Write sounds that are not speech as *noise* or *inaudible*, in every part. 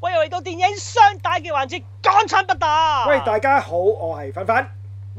我又嚟到電影雙打嘅環節，港產不打。喂，大家好，我係分分。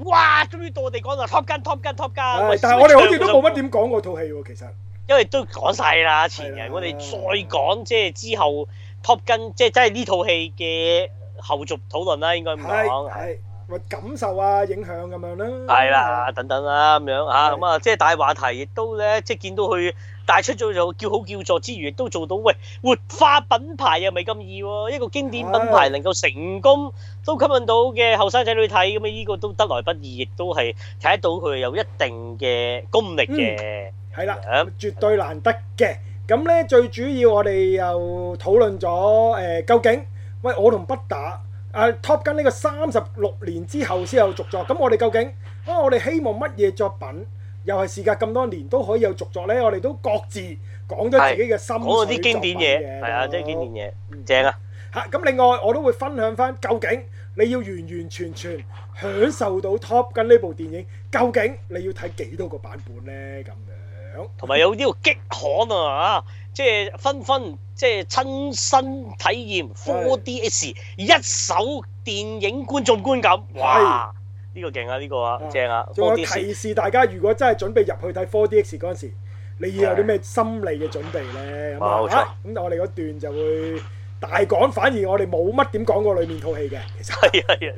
哇，終於到我哋講啦，Top Gun，Top Gun，Top Gun。但係我哋好似都冇乜點講嗰套戲喎，其實。因為都講晒啦，前日的我哋再講即係、就是、之後 Top Gun，即係呢套戲嘅後續討論啦，應該咁講。係的。咪感受啊，影響咁樣啦，係啦，等等啦，咁樣嚇，咁啊，即係大話題，亦都咧，即係見到佢帶出咗做叫好叫座之餘，亦都做到喂活化品牌又咪咁易喎，一個經典品牌能夠成功，都吸引到嘅後生仔女睇，咁啊，呢個都得來不易，亦都係睇到佢有一定嘅功力嘅，係啦，絕對難得嘅。咁咧，最主要我哋又討論咗誒，究竟喂，我同不打。啊、uh,，Top Gun 呢個三十六年之後先有續作，咁我哋究竟啊，我哋希望乜嘢作品又係事隔咁多年都可以有續作呢？我哋都各自講咗自己嘅心聲，講到啲經典嘢，係啊，嗯、即係經典嘢，正啊！嚇、啊，咁另外我都會分享翻，究竟你要完完全全享受到 Top Gun 呢部電影，究竟你要睇幾多個版本呢？咁樣同埋有呢個激亢啊！即係分分即係親身體驗 4D X 一手電影觀眾觀感，哇！呢個勁啊，呢個啊，正啊！仲有提示大家，如果真係準備入去睇 4D X 嗰陣時，你要有啲咩心理嘅準備咧？咁咁我哋嗰段就會大講，反而我哋冇乜點講過裡面套戲嘅。其係係，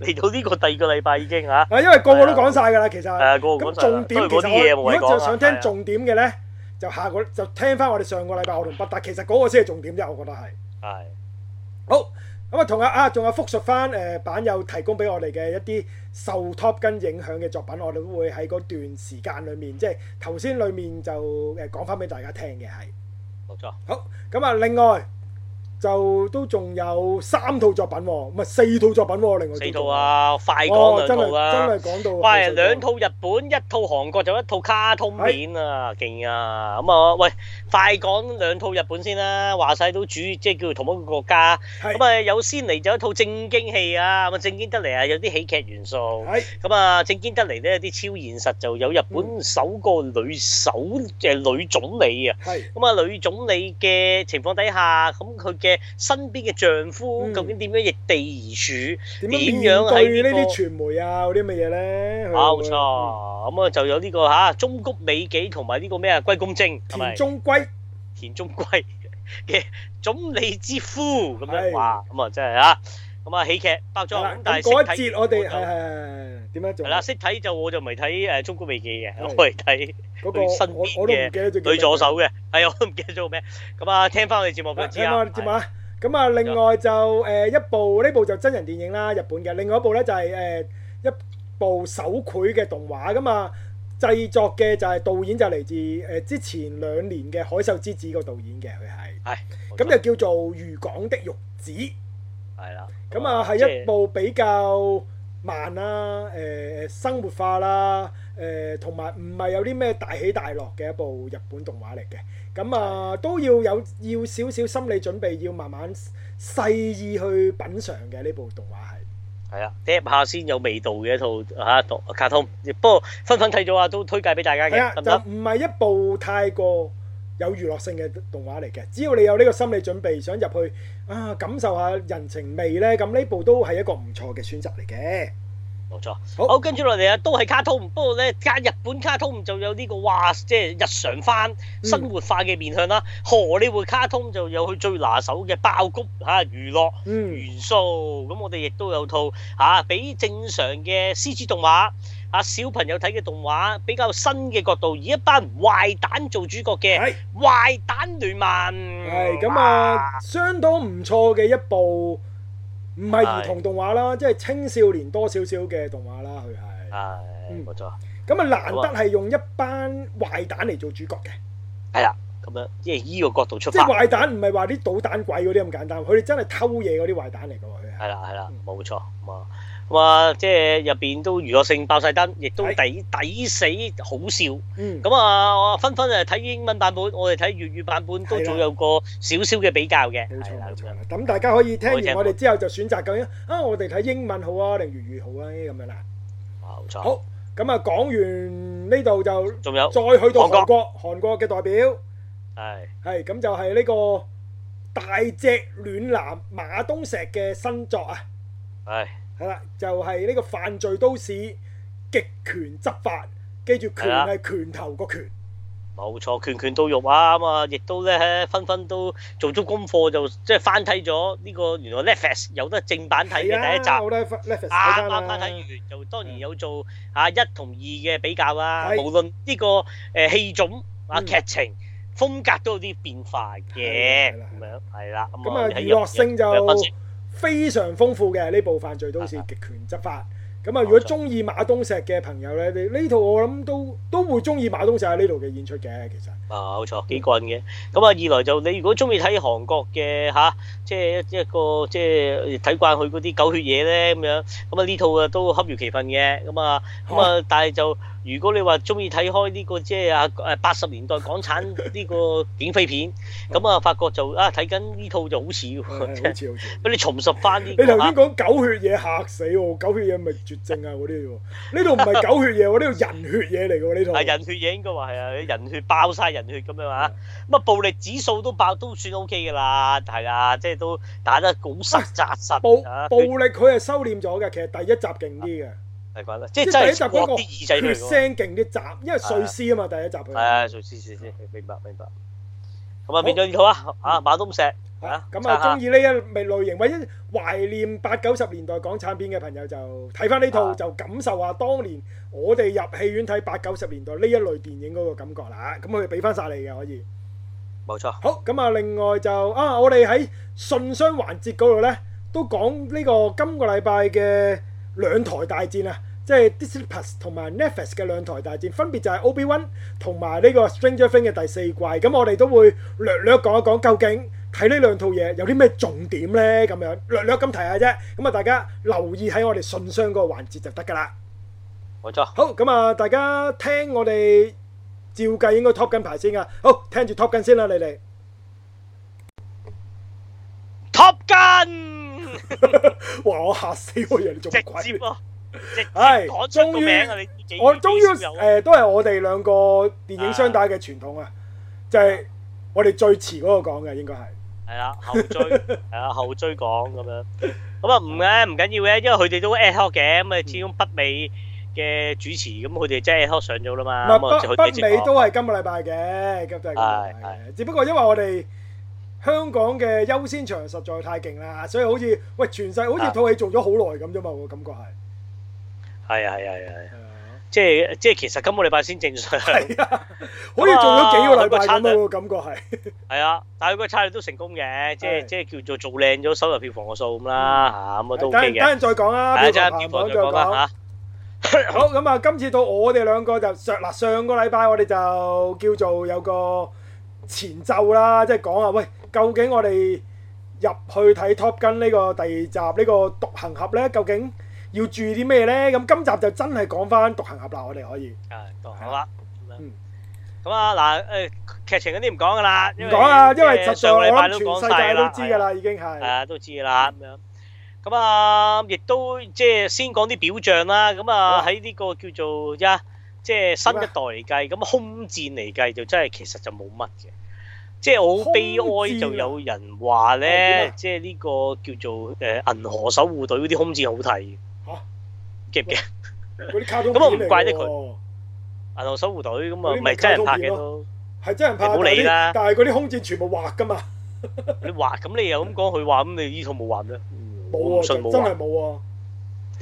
嚟到呢個第二個禮拜已經啊！啊，因為個個都講晒㗎啦，其實誒個個講啲嘢如果就想聽重點嘅咧？就下個就聽翻我哋上個，禮拜我同北大，其實嗰個先係重點啫，我覺得係。係的。好，咁啊同啊啊仲有復述翻誒、呃、版友提供俾我哋嘅一啲受 Top Gun 影響嘅作品，我哋都會喺嗰段時間裏面，即係頭先裏面就誒講翻俾大家聽嘅係。冇錯。好，咁、嗯、啊另外。就都仲有三套作品喎，唔係四套作品喎，另外四套啊！快講啦，真係講到，喂，兩套日本，一套韓國，就一套卡通片啊，勁啊！咁啊，喂，快講兩套日本先啦，話曬都主，即係叫同一個國家？咁啊，有先嚟就一套正經戲啊，咁啊，正經得嚟啊，有啲喜劇元素。係。咁啊，正經得嚟咧，有啲超現實，就有日本首個女首，誒，女總理啊。係。咁啊，女總理嘅情況底下，咁佢嘅身邊嘅丈夫、嗯、究竟點樣易地而處？點樣喺呢呢啲傳媒啊嗰啲乜嘢咧？冇錯，咁啊、嗯、就有呢、呢個嚇、啊、中谷美紀同埋呢個咩啊龜公正田中圭，田中圭嘅總理之夫，咁樣的哇！咁啊，真係嚇～咁啊，喜劇包裝，了但係一節，我哋誒點樣做？係啦，識睇就我就未睇誒《中古未記》嘅，的我係睇嗰個新編嘅女助手嘅，係啊，我都唔記得做咩。咁啊、哎嗯，聽翻我哋節目俾佢節目啊。咁啊的，另外就誒、呃、一部呢部就真人電影啦，日本嘅。另外一部咧就係、是、誒、呃、一部手繪嘅動畫咁啊，製作嘅就係、是、導演就嚟自誒、呃、之前兩年嘅《海獸之子》個導演嘅佢係。係。咁唉就叫做《漁港的玉子》。係啦，咁、嗯、啊係是一部比較慢啦、啊，誒、呃、生活化啦、啊，誒同埋唔係有啲咩大起大落嘅一部日本動畫嚟嘅，咁啊的都要有要少少心理準備，要慢慢細意去品嚐嘅呢部動畫係。係啊，呷下先有味道嘅一套嚇、啊、卡通，不過分分睇咗啊，都推介俾大家嘅。係就唔係一部太過有娛樂性嘅動畫嚟嘅，只要你有呢個心理準備，想入去啊感受下人情味呢，咁呢部都係一個唔錯嘅選擇嚟嘅，冇錯。好，跟住落嚟啊，都係卡通，不過呢，加日本卡通就有呢個哇，即、就、係、是、日常化、生活化嘅面向啦。嗯、荷里活卡通就有佢最拿手嘅爆谷嚇、啊、娛樂元素，咁、嗯、我哋亦都有套嚇、啊、比正常嘅 CG 動畫。啊！小朋友睇嘅動畫比較新嘅角度，以一班壞蛋做主角嘅壞蛋聯盟。係咁啊，相當唔錯嘅一部，唔係兒童動畫啦，即係青少年多少少嘅動畫啦。佢係係冇錯。咁啊，難得係用一班壞蛋嚟做主角嘅。係啦，咁樣即係呢個角度出發。即係壞蛋唔係話啲搗蛋鬼嗰啲咁簡單，佢哋真係偷嘢嗰啲壞蛋嚟噶。佢係啦，係啦，冇錯咁啊。話即係入邊都娛樂性爆晒燈，亦都抵抵死好笑。咁啊，我分分誒睇英文版本，我哋睇粵語版本都仲有個少少嘅比較嘅。冇錯，冇錯。咁大家可以聽完我哋之後就選擇究竟：「啊，我哋睇英文好啊，定粵語好啊，咁樣啦。冇錯。好，咁啊，講完呢度就仲有再去到韓國，韓國嘅代表係，係咁就係呢個大隻暖男馬東石嘅新作啊，係。係啦，就係呢個犯罪都市極權執法，記住拳係拳頭個拳。冇錯，拳拳到肉啊，咁啊，亦都咧分分都做足功課就即係翻睇咗呢個原來 Netflix 有得正版睇嘅第一集，啊啱啱翻睇完就當然有做啊一同二嘅比較啊。無論呢個誒戲種啊劇情風格都有啲變化嘅，咁樣係啦，咁啊娛樂性就。非常豐富嘅呢部犯罪都市極權執法，咁啊、嗯，如果中意馬東錫嘅朋友咧，呢呢套我諗都都會中意馬東錫喺呢度嘅演出嘅，其實、嗯。啊、嗯，冇、嗯、錯，幾棍嘅，咁、嗯、啊、嗯嗯，二來就你如果中意睇韓國嘅嚇、啊，即係一一個即係睇慣佢嗰啲狗血嘢咧咁樣，咁啊呢套啊都恰如其分嘅，咁啊咁啊，但係就。如果你話中意睇開呢個即係啊誒八十年代港產呢個警匪片，咁 *laughs* 啊發覺就啊睇緊呢套就好似喎，好似好似。咁你重拾翻、這、啲、個。你頭先講狗血嘢嚇死喎， *laughs* 狗血嘢咪絕症啊嗰啲喎，呢度唔係狗血嘢喎，呢度 *laughs* 人血嘢嚟喎呢套。係 *laughs* 人血嘢應該話係啊，人血爆晒人血咁 *laughs* 樣啊。咁啊暴力指數都爆都算 O K 㗎啦，係啊，即係都打得好實紮實。暴力佢係收斂咗嘅， *laughs* 其實第一集勁啲嘅。係即係第一集嗰個血腥勁啲集，因為碎屍啊嘛，第一集佢是、啊啊。係碎屍碎屍，明白明白。咁、嗯、啊，變咗呢套啊，啊馬東錫，啊咁啊，中意呢一咪類，類型，嗯、或者懷念八九十年代港產片嘅朋友就睇翻呢套，啊、就感受下當年我哋入戲院睇八九十年代呢一類電影嗰個感覺啦。咁佢俾翻晒你嘅可以，冇錯錯。好，咁啊，另外就啊，我哋喺信箱環節嗰度咧，都講呢個、這個、今個禮拜嘅。兩台大戰啊，即係 Disney+ 同埋 Netflix 嘅兩台大戰，分別就係 Obi-Wan 同埋呢個 Stranger Thing 嘅第四季。咁我哋都會略略講一講，究竟睇呢兩套嘢有啲咩重點呢？咁樣略略咁提下啫。咁啊，大家留意喺我哋信箱嗰個環節就得㗎喇。冇錯。好，咁啊，大家聽我哋照計應該 Top Gun 排先啊。好，聽住 Top Gun 先啦，你哋 Top Gun。話我嚇死我人做乜鬼？直接喎，直接攞出個名啊！你我終於誒，都係我哋兩個電影商帶嘅傳統啊，就係我哋最遲嗰個講嘅應該係係啦，後追係啦，後追講咁樣，咁啊唔嘅唔緊要嘅，因為佢哋都 echo 嘅，咁啊始終北美嘅主持，咁佢哋即係 echo 上咗啦嘛。唔係北北美都係今個禮拜嘅，今都係今個禮拜嘅，只不過因為我哋。香港嘅優先場實在太勁啦，所以好似喂，全世界好似套戲做咗好耐咁啫嘛，我感覺係。係啊，係啊，係啊，即係即係，其實今個禮拜先正常。係啊，好似做咗幾個禮拜咁嘅感覺係。係啊，但係個策略都成功嘅，即係即係叫做做靚咗收入票房個數咁啦嚇，咁啊都得嘅。等陣再講啦，票房再講啦嚇。好，咁啊，今次到我哋兩個就上嗱，上個禮拜我哋就叫做有個前奏啦，即係講啊喂。究竟我哋入去睇《Top Gun》呢個第二集呢個獨行俠咧？究竟要注意啲咩咧？咁今集就真係講翻獨行俠啦，我哋可以。誒，好啦。嗯，咁啊嗱誒，劇情嗰啲唔講噶啦，唔講啦，因為實在我哋全世界都知噶啦，已經係。係啊，都知啦。咁樣，咁啊，亦都即係先講啲表象啦。咁啊，喺呢個叫做一即係新一代嚟計，咁空戰嚟計就真係其實就冇乜嘅。即係我好悲哀，就有人話咧，即係呢個叫做誒銀河守護隊嗰啲空戰好睇吓，記唔記？咁我唔怪得佢。銀河守護隊咁啊，唔係真人拍嘅，都係真人拍，冇理啦。但係嗰啲空戰全部畫噶嘛？你畫，咁你又咁講，佢話咁你呢套冇畫咩？冇啊，真係冇啊，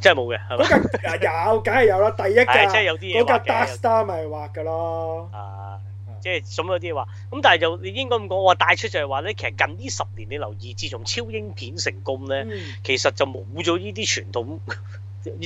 真係冇嘅。嗰架有，梗係有啦，第一架嗰架 Dark Star 咪係畫噶咯。啊！即係咁有啲話，咁但係就你應該咁講，我話帶出就係話咧，其實近呢十年你留意，自從超英片成功咧，嗯、其實就冇咗呢啲傳統，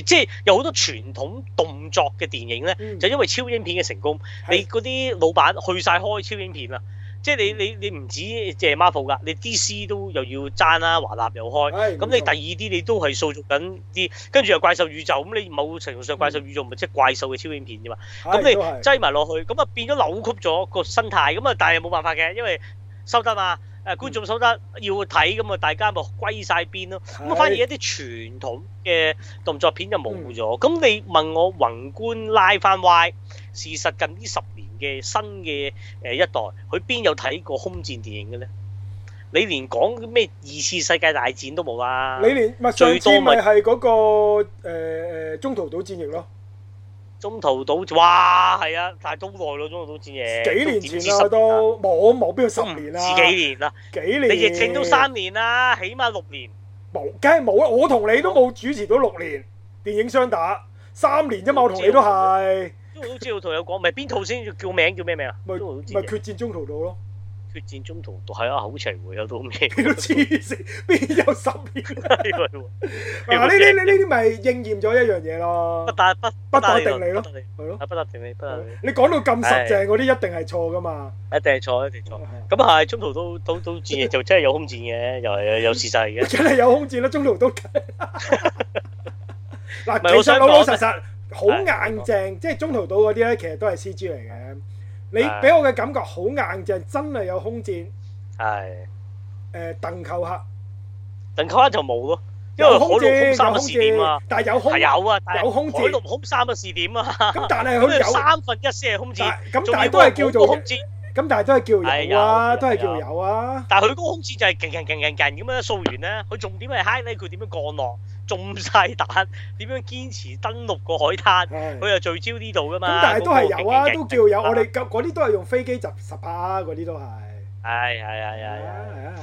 即 *laughs* 係有好多傳統動作嘅電影咧，嗯、就因為超英片嘅成功，的你嗰啲老闆去晒開超英片啦。即係你你你唔止即係 Marvel 㗎，你 DC 都又要爭啦，華納又開，咁你第二啲你都係掃足緊啲，跟住又怪獸宇宙，咁、嗯、你某程度上怪獸宇宙咪即係怪獸嘅超英片啫嘛，咁你擠埋落去，咁啊變咗扭曲咗個生態，咁啊但係冇辦法嘅，因為收得嘛，誒觀眾收得要睇，咁啊大家咪歸晒邊咯，咁、嗯嗯、反而一啲傳統嘅動作片就冇咗，咁你問我宏觀拉翻歪，事實近呢十年。嘅新嘅誒一代，佢邊有睇過空戰電影嘅咧？你連講咩二次世界大戰都冇啊？你連唔最多咪係嗰個誒中途島戰役咯？中途島哇係啊，但係都耐咯，中途島戰役幾年前啊都冇冇邊有十年啦？幾年啦？你疫症都三年啦，起碼六年。冇，梗係冇啊！我同你都冇主持到六年，電影雙打三年啫嘛，我同你都係。都知道我同友講，唔係邊套先叫名叫咩名啊？唔係都唔係決戰中途島咯，決戰中途島係啊，好邪乎啊，到咩？黐線邊有十年啊？嗱，呢呢呢呢啲咪應驗咗一樣嘢咯，不打不不打定你咯，係咯，不打定你，不打定你。你講到咁實淨，嗰啲一定係錯噶嘛？一定係錯，一定錯。咁啊係，中途島島島戰就真係有空戰嘅，又係又又事實嘅，真係有空戰咯，中途島。嗱，其實老老實實。好硬淨，即係中途島嗰啲咧，其實都係 C G 嚟嘅。你俾我嘅感覺好硬淨，真係有空戰。係，誒，鄧寇克，鄧寇克就冇咯，因為海陸空三嘅視點啊。但係有空有啊，有海陸空三嘅視點啊。咁但係佢有三分一先係空戰，咁但係都係叫做空戰。咁但係都係叫有啊，都係叫有啊。但係佢嗰個空戰就係勁勁勁勁勁咁樣一掃完咧，佢重點係 highlight 佢點樣降落，中晒彈，點樣堅持登陸個海灘，佢又聚焦呢度噶嘛。咁但係都係有啊，都叫有。我哋嗰啲都係用飛機集十八啊，嗰啲都係。係係係係。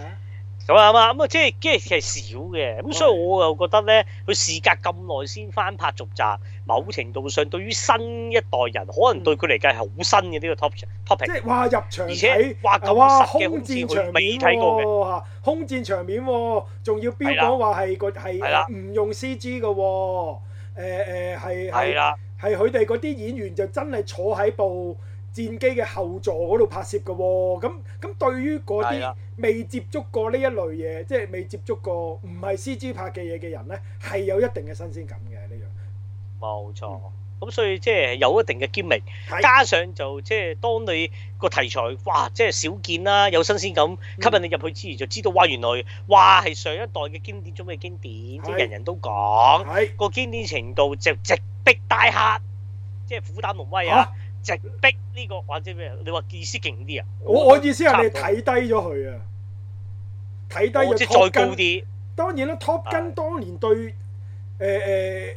咁啊嘛，咁啊即係，即係其實少嘅，咁、嗯、所以我又覺得咧，佢事隔咁耐先翻拍續集，某程度上對於新一代人，可能對佢嚟計係好新嘅呢、這個 top, topic 即。即係哇，入場睇哇，未睇過嘅。空戰場面，仲 hum 要，要標講話係個係唔用 CG 嘅，誒誒係係係佢哋嗰啲演員就真係坐喺部。戰機嘅後座嗰度拍攝嘅喎，咁咁對於嗰啲未接觸過呢一類嘢，即係未接觸過唔係 CG 拍嘅嘢嘅人咧，係有一定嘅新鮮感嘅呢樣。冇錯，咁所以即係有一定嘅兼力，加上就即係當你個題材哇，即係少見啦，有新鮮感，吸引你入去之餘，就知道哇，原來哇係上一代嘅經典中嘅經典，即係人人都講個經典程度，就直逼大客，即係虎膽龍威啊！直逼呢個或者咩？你話意思勁啲啊？我我意思係你睇低咗佢啊，睇低咗佢，即係再高啲。當然啦，Top Gun 當年對，誒誒誒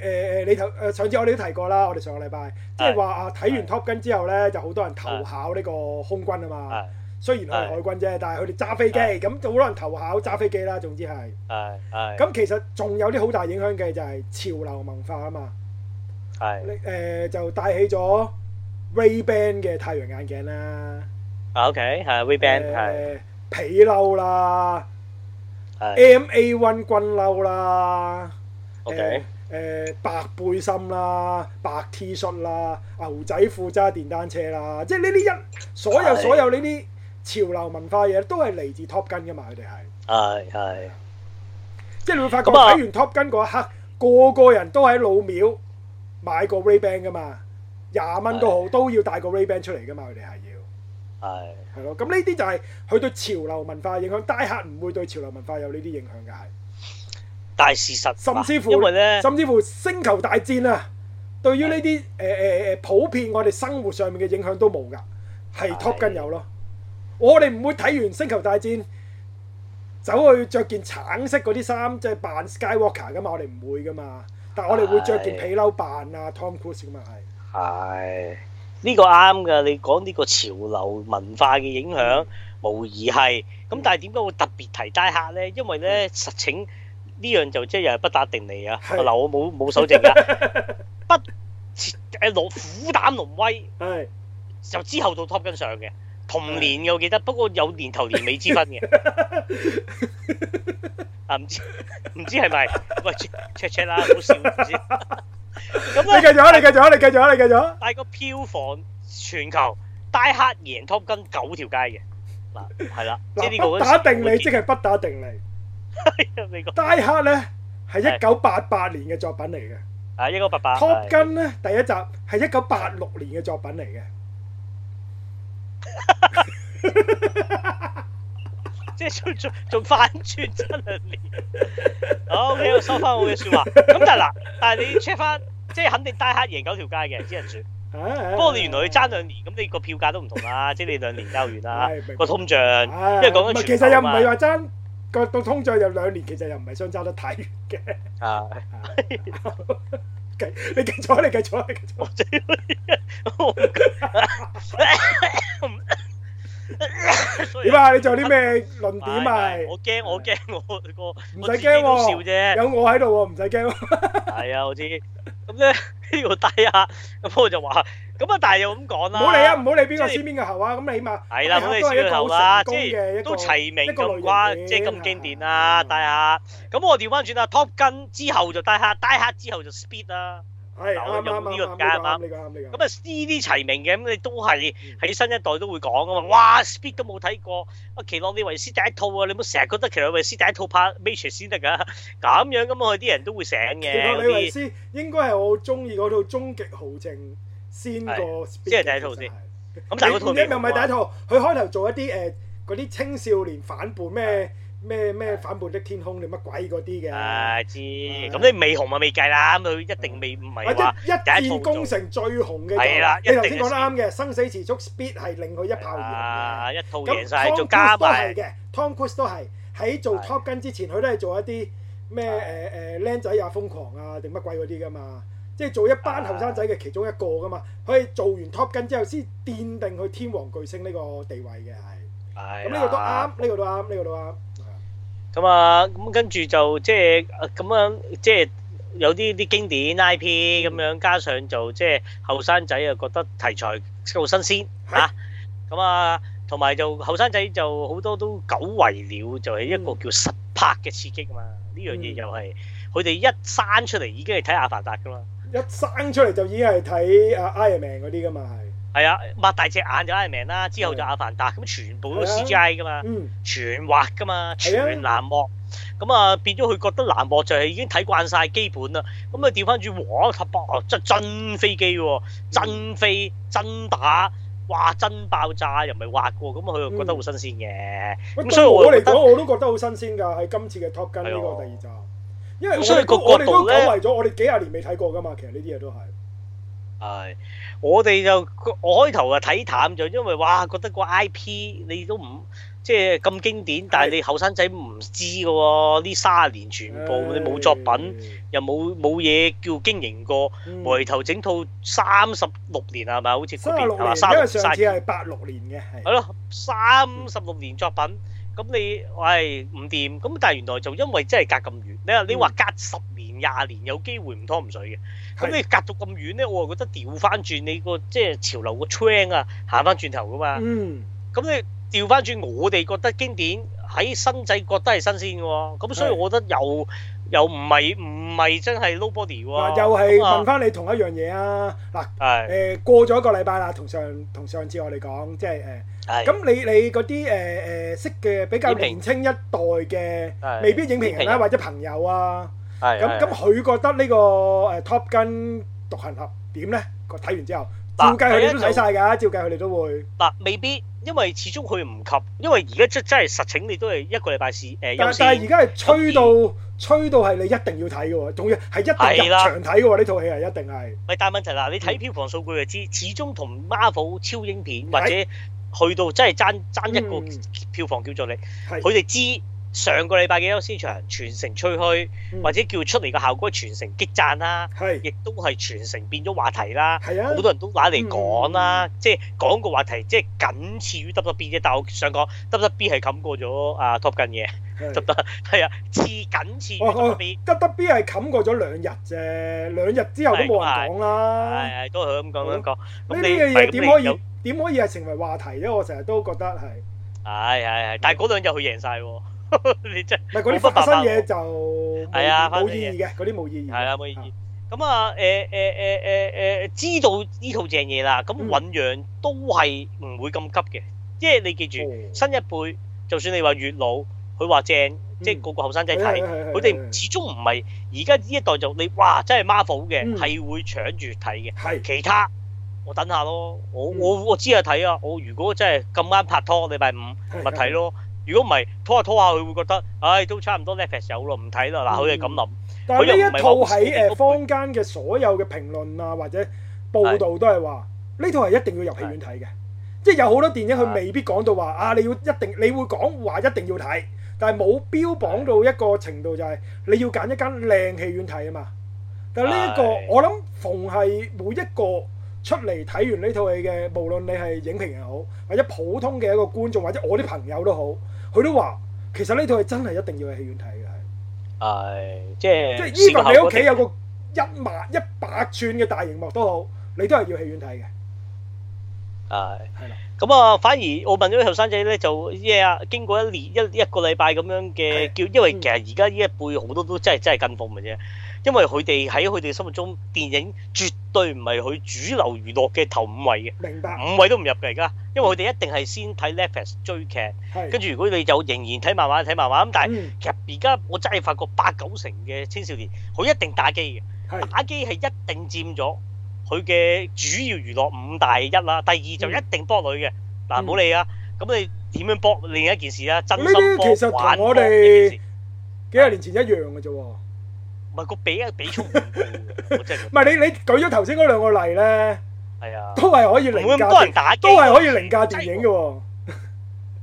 誒，你頭誒，上次我哋都提過啦。我哋上個禮拜即係話啊，睇完 Top Gun 之後咧，就好多人投考呢個空軍啊嘛。雖然係海軍啫，但係佢哋揸飛機，咁就好多人投考揸飛機啦。總之係係咁，其實仲有啲好大影響嘅就係潮流文化啊嘛。係誒，就帶起咗。Ray-Ban 嘅太陽眼鏡啦，OK 係、uh, Ray-Ban 係、呃、皮褸啦、uh, MA One 軍褸啦、uh,，OK 誒、呃、白背心啦，白 T 恤啦，牛仔褲揸電單車啦，即係呢啲一所有所有呢啲潮流文化嘢都係嚟自 Top Gun 㗎嘛，佢哋係係係，uh, uh, uh, 即係你會發覺，睇完 Top Gun 嗰一刻，個個人都喺老廟買過 Ray-Ban 㗎嘛。廿蚊個號都要帶個 Ray Ban 出嚟噶嘛，佢哋係要，係係咯。咁呢啲就係佢對潮流文化影響，大客唔會對潮流文化有呢啲影響噶，係。但係事實，甚至乎，甚至乎《星球大戰》啊，對於呢啲誒誒誒普遍我哋生活上面嘅影響都冇噶，係 Top Gun 有咯。我哋唔會睇完《星球大戰》走去著件橙色嗰啲衫，即係扮 Skywalker 噶嘛，我哋唔會噶嘛。但係我哋會著件皮褸扮啊 Tom Cruise 噶嘛，係。係呢、呢個啱噶，你講呢個潮流文化嘅影響，無疑係。咁但係點解會特別提低下咧？因為咧實情呢樣就即係又係不打定理啊！嗱是、啊，我冇冇手證噶、啊，不誒落虎膽龍威，就是之後到 top 跟上嘅，同年嘅我記得，不過有年頭年尾之分嘅。啊唔知唔知係咪？喂，check check 啦，好笑唔知。 *laughs* *laughs* 麼你繼續啊！你繼續啊！你繼續啊！你繼續啊！大個票房全球《戴克贏托根九條街嘅嗱，係 *laughs* 啦了，打定你，即係不打定理。你、就、講、是《 *laughs* *laughs* 戴克》咧係一九八八年嘅作品嚟嘅，啊一九八八。88, Top 呢《Top Gun 咧第一集係一九八六年嘅作品嚟嘅。 *laughs* *laughs* 即係仲仲仲反轉差兩年，OK，我收翻我嘅説話。咁但係嗱，但係你 check 翻，即係肯定低黑贏九條街嘅，只能説。不過你原來你爭兩年，咁你個票價都唔同啦，即係你兩年交完啦，個通脹，因為講緊。唔其實又唔係話爭個個通脹有兩年，其實又唔係相差得太遠嘅。啊，你繼續，你繼續，你繼續。 *laughs* 點啊？你仲有啲咩論點啊？我驚我驚我個唔使驚好笑啫，有我喺度喎，唔使驚。係啊，我知。咁咧呢個低下，咁，我就話咁啊。但係又咁講啦，唔好理啊，唔好理邊個先邊對個後啊。咁你起碼係啦，唔好理先啦。即係都齊名咁掛，即係咁經典啊！低下，咁我調翻轉啊。Top Gun 之後就低下，低下之後就 Speed 啦、啊。係啱啱啱啱啱啱，咁啊呢啲齊名嘅，咁你都係喺新一代都會講噶嘛哇？哇，Speed 都冇睇過，阿奇洛李維斯第一套啊！你冇成日覺得奇洛李維斯第一套拍 Matrix 先得㗎？咁樣咁啊，啲人都會醒嘅。奇洛李維斯應該係我中意嗰套《終極豪情》先過 Speed。 *music* 即係第一套先第一套。咁但係嗰套片唔係唔係第一套，佢開頭做一啲誒嗰啲青少年反叛咩？咩咩反叛的天空定乜鬼嗰啲嘅？誒知，咁吧你未紅咪未計啦，佢一定未唔係吧一戰功成最紅嘅啦。你頭先講得啱嘅，生死時速 speed 係令佢一炮紅一套贏曬加埋 T 加。Tom Cruise 都係嘅，Tom Cruise 都係喺做 Top Gun 之前，佢都係做一啲咩誒誒靚仔啊、瘋狂啊定乜鬼嗰啲噶嘛，即係做一班後生仔嘅其中一個噶嘛。佢係做完 Top Gun 之後先奠定佢天王巨星呢個地位嘅係。咁呢吧個都啱，呢個都啱，呢個都啱。呢個咁啊，咁、嗯、跟住就即係咁樣，即係有啲啲經典 IP 咁樣，加上就即係後生仔又覺得題材夠新鮮吓，咁是啊，同埋就後生仔就好多都久違了，就係、是、一個叫實拍嘅刺激啊嘛。呢樣嘢又係，佢哋、就是嗯、一生出嚟已經係睇阿凡達噶嘛，一生出嚟就已經係睇阿 Iron Man 嗰啲噶嘛，係。係啊，擘大隻眼就 Iron Man 啦，之後就阿凡達咁，全部都 CGI 噶嘛，嗯、全畫噶嘛，全藍幕。咁啊、嗯，變咗佢覺得藍幕就係已經睇慣晒基本啦。咁啊，調翻轉哇塔博，即係真飛機喎、啊，真飛真打，哇真爆炸又唔係畫過，咁佢又覺得好新鮮嘅。咁、嗯、所以我嚟講，我都覺得好新鮮㗎，喺今次嘅 Top Gun 呢個第二集。哎、呦因為我我哋都久違咗，我哋幾廿年未睇過㗎嘛，其實呢啲嘢都係。係，我哋就我開頭啊睇淡就，因為哇覺得個 IP 你都唔即係咁經典，但係你後生仔唔知嘅喎，呢三十年全部是的 你冇作品，又冇冇嘢叫經營過，嗯、回頭整套三十六年係咪？好似嗰邊係嘛，年因為上次係八六年嘅係，係咯三十年六年作品，咁、嗯、你喂，唔、哎、掂，咁但係原來就因為真係隔咁遠，你你話隔十。廿年有機會唔拖唔水嘅，咁你隔到咁遠咧，我又覺得調翻轉你個即係潮流個 trend 啊，行翻轉頭噶嘛。嗯，咁你調翻轉，我哋覺得經典喺新仔覺得係新鮮嘅喎，咁所以我覺得又又唔係唔係真係 nobody 喎，又係問翻你同一樣嘢啊嗱，誒過咗一個禮拜啦，同上同上次我哋講，即係誒，咁你你嗰啲誒誒識嘅比較年青一代嘅，未必影評人啦，或者朋友啊。係咁咁，佢覺得呢個誒 Top Gun 獨行俠點咧？個睇完之後，照計佢哋都睇晒嘅，照計佢哋都會。嗱，未必，因為始終佢唔及，因為而家即真係實情，你都係一個禮拜試誒。但係而家係吹到吹到係你一定要睇嘅喎，仲要係一定要長睇嘅喎，呢套戲係一定係。咪但係問題嗱，你睇票房數據就知，始終同 Marvel 超英片或者去到真係爭爭一個票房叫做你，佢哋知。上個禮拜嘅優先場全城吹噓，或者叫出嚟嘅效果全城激讚啦，係，亦都係全城變咗話題啦，係啊，好多人都攬嚟講啦，即係講個話題，即係僅次於得得 B 啫。但係我想講得得 B 係冚過咗啊 Top Gun 嘅，得得 B，係啊，似僅次於得得 B，得得 B 係冚過咗兩日啫，兩日之後都冇人講啦，係都係咁講咁講。呢啲嘢點可以點可以係成為話題咧？我成日都覺得係係係係，但係嗰兩日佢贏晒喎。你真唔係嗰啲發嘢就係啊，反正冇意義嘅，嗰啲冇意義。係啊，冇意義。咁啊，誒誒誒誒誒，知道呢套正嘢啦。咁醞釀都係唔會咁急嘅，即係你記住，新一輩就算你話月老，佢話正，即係個個後生仔睇，佢哋始終唔係。而家呢一代就你哇，真係 Marvel 嘅，係會搶住睇嘅。係其他我等下咯，我我我知啊睇啊，我如果真係咁啱拍拖，禮拜五咪睇咯。如果唔係拖下拖下，佢會覺得，唉，都差唔多 Netflix 有咯，唔睇咯。嗱，佢哋咁諗。但係呢一套喺誒坊間嘅所有嘅評論啊，或者報道都係話，呢套係一定要入戲院睇嘅。即係有好多電影佢未必講到話啊，你要一定你會講話一定要睇，但係冇標榜到一個程度就係你要揀一間靚戲院睇啊嘛。但係呢一個我諗，逢係每一個出嚟睇完呢套戲嘅，無論你係影評人好，或者普通嘅一個觀眾，或者我啲朋友都好。佢都話，其實呢套係真係一定要去戲院睇嘅，係。誒、啊，即係即係，依個你屋企有一個一萬一百寸嘅大螢幕都好，你都係要戲院睇嘅。係、啊。係啦的。咁啊，反而我問咗啲後生仔咧，就依家、yeah, 經過一年一一個禮拜咁樣嘅叫，的因為其實而家呢一輩好多都真係真係跟風嘅啫，因為佢哋喺佢哋心目中電影絕。對，唔係佢主流娛樂嘅頭五位嘅，明白五位都唔入嚟㗎，因為佢哋一定係先睇 Netflix 追劇，跟住是如果你有仍然睇漫畫睇漫畫咁，但係其實而家我真係發覺八九成嘅青少年，佢一定打機嘅，是打機係一定佔咗佢嘅主要娛樂。五大一啦，第二就一定搏女嘅，嗱唔好理啊，咁、啊、你點樣搏？另一件事啊，真心搏玩嘅件事，幾廿年前一樣嘅啫。嗯唔係、嗰個比啊，比重唔係 *laughs* 你你舉咗頭先嗰兩個例咧，係啊，都係可以凌駕，唔會咁多人打機，都係可以凌駕電影嘅喎。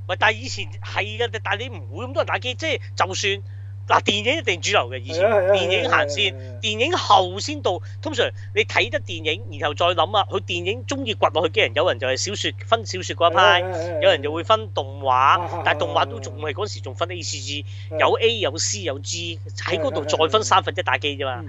唔係，但係以前係嘅，但係你唔會咁多人打機，即係就算。嗱，電影一定主流嘅，以前電影行先，電影後先到。通常你睇得電影，然後再諗啊，佢電影鍾意掘落去嘅人，有人就係小説分小説嗰一派，有人就會分動畫，但係動畫都仲係嗰時仲分 A 的、C、G，有 A 有 C 有 G，喺嗰度再分三分一打機啫嘛。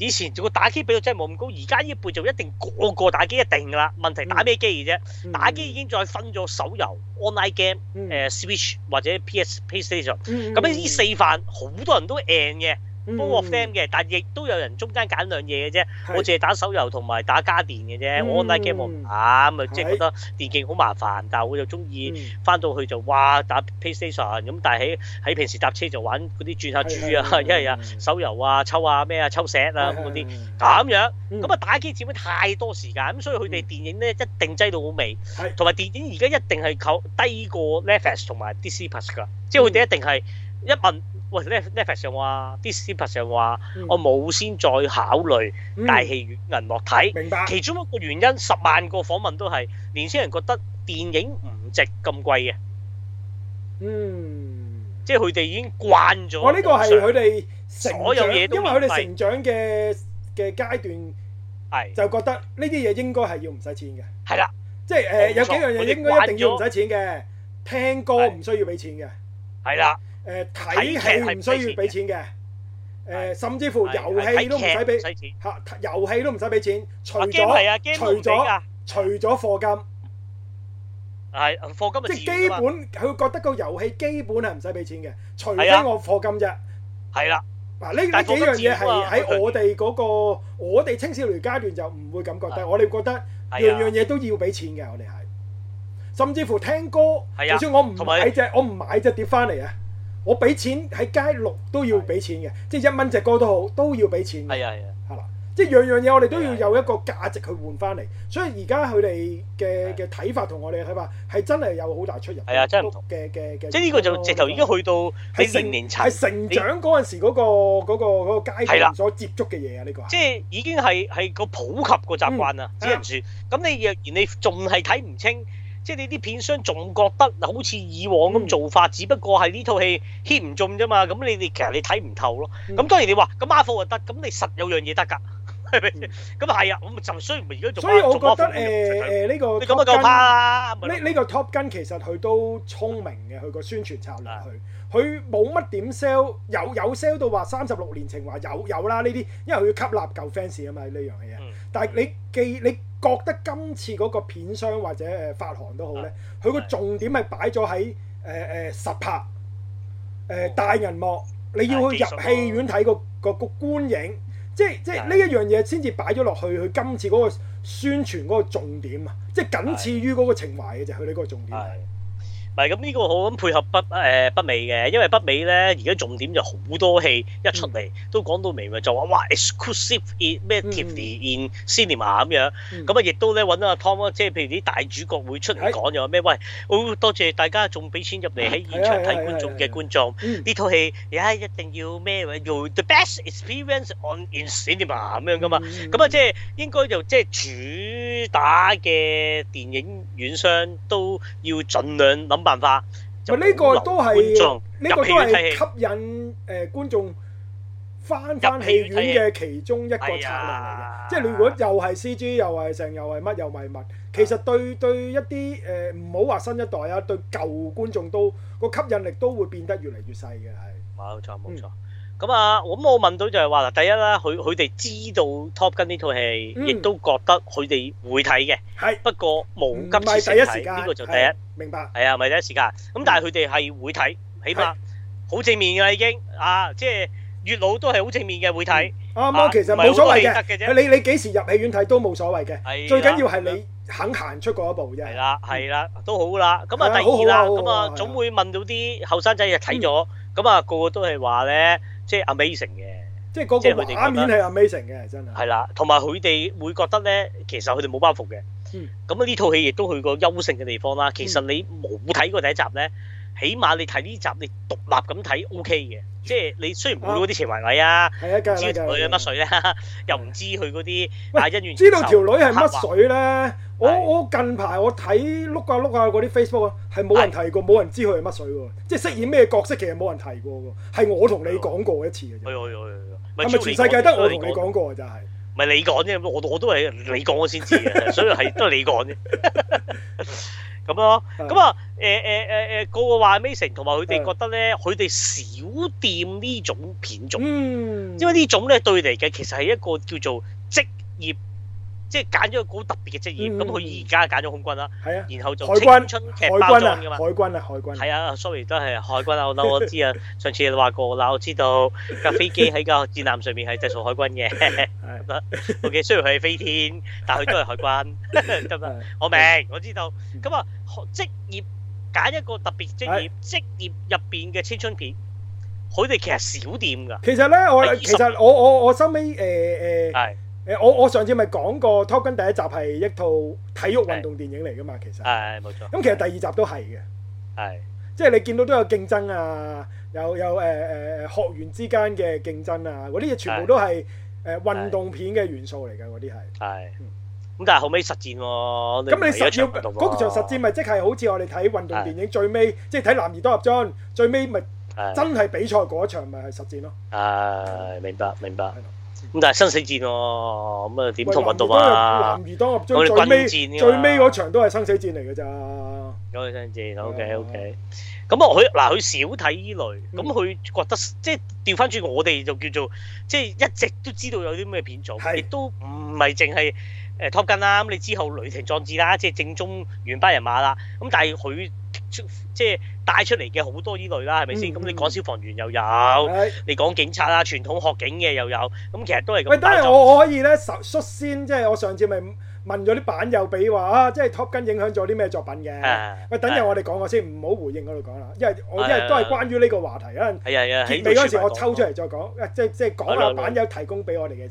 以前做個打機比率真係冇咁高，而家呢輩就一定個個打機一定㗎啦。問題打咩機嘅啫？嗯、打機已經再分咗手遊、online game、嗯、誒、呃、Switch 或者 PS PlayStation,、嗯、PlayStation，咁呢四範好多人都 end 嘅。煲個 fan 嘅，但亦都有人中間揀兩嘢嘅啫。我淨係打手遊同埋打家電嘅啫。online game 我唔啱，咪即係覺得電競好麻煩。但係我又中意翻到去就哇打 PlayStation 咁。但係喺喺平時搭車就玩嗰啲轉下珠啊，因為啊手遊啊抽啊咩啊抽石啊嗰啲咁樣。咁啊打機佔咗太多時間，咁所以佢哋電影咧一定擠到好尾，同埋電影而家一定係靠低過 Netflix 同埋 Disney Plus 㗎，即係佢哋一定係一問。喂，level 上話，啲先拍上話，我冇先再考慮大戲院銀幕睇。明白。其中一個原因，十萬個訪問都係年輕人覺得電影唔值咁貴嘅。嗯。即係佢哋已經慣咗。我呢個係佢哋成長，因為佢哋成長嘅嘅階段，係就覺得呢啲嘢應該係要唔使錢嘅。係啦。即係誒，有幾樣嘢應該一定要唔使錢嘅，聽歌唔需要俾錢嘅。係啦。誒睇戲唔需要俾錢嘅，誒甚至乎遊戲都唔使俾嚇，遊戲都唔使俾錢，除咗除咗除咗課金係課金，即係基本佢覺得個遊戲基本係唔使俾錢嘅，除非我課金啫。係啦，嗱呢呢幾樣嘢係喺我哋嗰個我哋青少年階段就唔會感覺，但係我哋覺得樣樣嘢都要俾錢嘅。我哋係甚至乎聽歌，就算我唔買隻我唔買隻碟翻嚟啊。我俾錢喺街錄都要俾錢嘅。的即係一蚊隻歌都好，都要俾錢。係啊係啊，係啦，即係樣樣嘢我哋都要有一個價值去換翻嚟，所以而家佢哋嘅嘅睇法同我哋睇法係真係有好大出入。係啊，真係唔同嘅嘅嘅，即係呢個就直頭已經去到喺成年層，喺成長嗰陣時嗰、嗰個嗰你、嗰個嗰、嗰個階段、嗰個嗰個、所接觸嘅嘢啊，呢個的即係已經係係個普及個習慣啊。只能説。咁的你若然你仲係睇唔清？即係你啲片商仲覺得好似以往咁做法，嗯、只不過係呢套戲 hit 唔中啫嘛。咁你哋其實你睇唔透咯。咁、嗯、當然你話，咁 Marvel 又得，咁你實有樣嘢得㗎。咁啊係啊，咁就雖然而家做所以，所以我覺得誒誒呢、呃這個你咁啊夠怕呢呢個 Top Gun 其實佢都聰明嘅，佢個、嗯、宣傳策略，佢佢冇乜點 sell，有有 sell 到話三十六年前話有有，有啦呢啲，因為佢要吸納舊 fans 啊嘛呢樣嘢。但係你，你記你記。你記覺得今次嗰個片商或者誒發行都好咧，佢個、yeah，重點係擺咗喺誒誒實拍誒、呃、大銀幕，哦、你要去入戲院睇、嗰個個個觀影，即係即係呢一樣嘢先至擺咗落去。佢今次嗰個宣傳嗰個重點啊，即係僅次於嗰個情懷嘅就係佢呢嗰個重點。係咁，呢個好咁配合北誒、呃、北美嘅，因為北美咧，而家重點就好多戲一出嚟，都講到明咪，就話哇 exclusive in 咩 Infinity Cinema 咁、mm hmm. 樣咁、mm hmm. 啊亦都咧揾阿 Tom 即係譬如啲大主角會出嚟講就話咩喂，好、哦、多謝大家仲俾錢入嚟喺現場睇觀眾嘅觀眾呢套戲而家、嗯、一定要咩喂用 the best experience on in Cinema 咁樣噶嘛，咁啊即係應該就即係主打嘅電影院商都要盡量諗埋。辦法，呢個都係呢個都係吸引誒觀眾翻翻戲院嘅其中一個策略嚟嘅。即係如果又係 C G 又係成又係乜又係乜，其實對對一啲誒唔好話新一代啊，對舊觀眾都個吸引力都會變得越嚟越細嘅。係冇錯冇錯。咁啊，咁我問到就係話嗱，第一啦，佢佢哋知道 Top Gun 呢套戲，亦都覺得佢哋會睇嘅。係不過無急切睇呢個就第一。明白，係啊，咪第一時間。咁但係佢哋係會睇，起碼好正面嘅已經啊，即係越老都係好正面嘅會睇。嗯嗯嗯、啊媽，其實冇所謂嘅，你你幾時入戲院睇都冇所謂嘅，啊、最緊要係你肯行出嗰一步啫。係啦、啊，係啦、啊，嗯、都好啦。咁啊，第二啦，咁啊，總會問到啲後生仔就睇咗，咁啊、嗯、個個都係話咧，即係 amazing 嘅。即係嗰個畫面係 amazing 嘅，真係。係啦，同埋佢哋會覺得咧，其實佢哋冇包袱嘅。嗯，咁啊，呢套戲亦都去過優勝嘅地方啦。其實你冇睇過第一集咧。起碼你睇呢集你獨立咁睇 O K 嘅，即係你雖然冇嗰啲情懷位啊，知佢條女係乜水咧，又唔知佢嗰啲。知道條女係乜水咧？我我近排我睇碌啊碌啊嗰啲 Facebook，係冇人提過，冇人知佢係乜水喎。即係飾演咩角色，其實冇人提過喎。係我同你講過一次嘅。係啊，係咪全世界得我同你講過就係。唔係你講啫，我我都係你講我先知嘅，所以係都係你講啫。咁咯，咁啊、嗯，誒誒誒誒，嗰個話，mason 同埋佢哋覺得咧，佢哋少掂呢種片種，因為呢種咧對嚟嘅其實係一個叫做職業。嗯即係揀咗個好特別嘅職業，咁佢而家揀咗空軍啦，然後就青春劇包裝噶嘛？海軍啊，海軍啊，海軍係啊，sorry 都係海軍啊，我諗我知啊，上次你都話過啦，我知道架飛機喺個戰艦上面係隸屬海軍嘅，ok 雖然佢係飛天，但係佢都係海軍，我明，我知道。咁啊，職業揀一個特別職業，職業入邊嘅青春片，佢哋其實少掂噶。其實咧，我其實我我我收尾誒誒。我我上次咪講過《Top Gun》第一集係一套體育運動電影嚟噶嘛，其實，咁、哎、其實第二集都係嘅，係、哎、即係你見到都有競爭啊，有有誒誒誒學員之間嘅競爭啊，嗰啲嘢全部都係誒、哎呃、運動片嘅元素嚟嘅，嗰啲係，係咁、哎嗯、但係後尾實戰喎，咁你、啊、你實要嗰、那個、場實戰咪即係好似我哋睇運動電影、哎、最尾，即係睇《男兒當入樽》最尾咪真係比賽嗰場咪係實戰咯，係明白明白。明白明白 *laughs* 咁但係生死戰喎，咁啊點同運動啊？我哋軍戰最尾嗰場都係生死戰嚟嘅咋？生死戰，O K O K。咁啊的，佢嗱佢少睇依類，咁佢、嗯、覺得即係調翻轉，我哋就叫做即係一直都知道有啲咩片組，亦的都唔係淨係誒 Top Gun 啦。咁你之後雷霆壯志啦，即係正宗原班人馬啦。咁但係佢。即係帶出嚟嘅好多呢類啦，係咪先？咁你、嗯、講消防員又有，的你講警察啦，傳統學警嘅又有，咁其實都係咁。喂，但係我可以咧，首率先即係、就是、我上次咪問咗啲板友俾話啊，即、就、係、是、Top Gun 影響咗啲咩作品嘅？喂的，等陣我哋講下先，唔好回應嗰度講啦，因為我因為都係關於呢個話題啊。係啊係啊，結尾嗰時我抽出嚟再講，即係即係講下板友提供俾我哋嘅。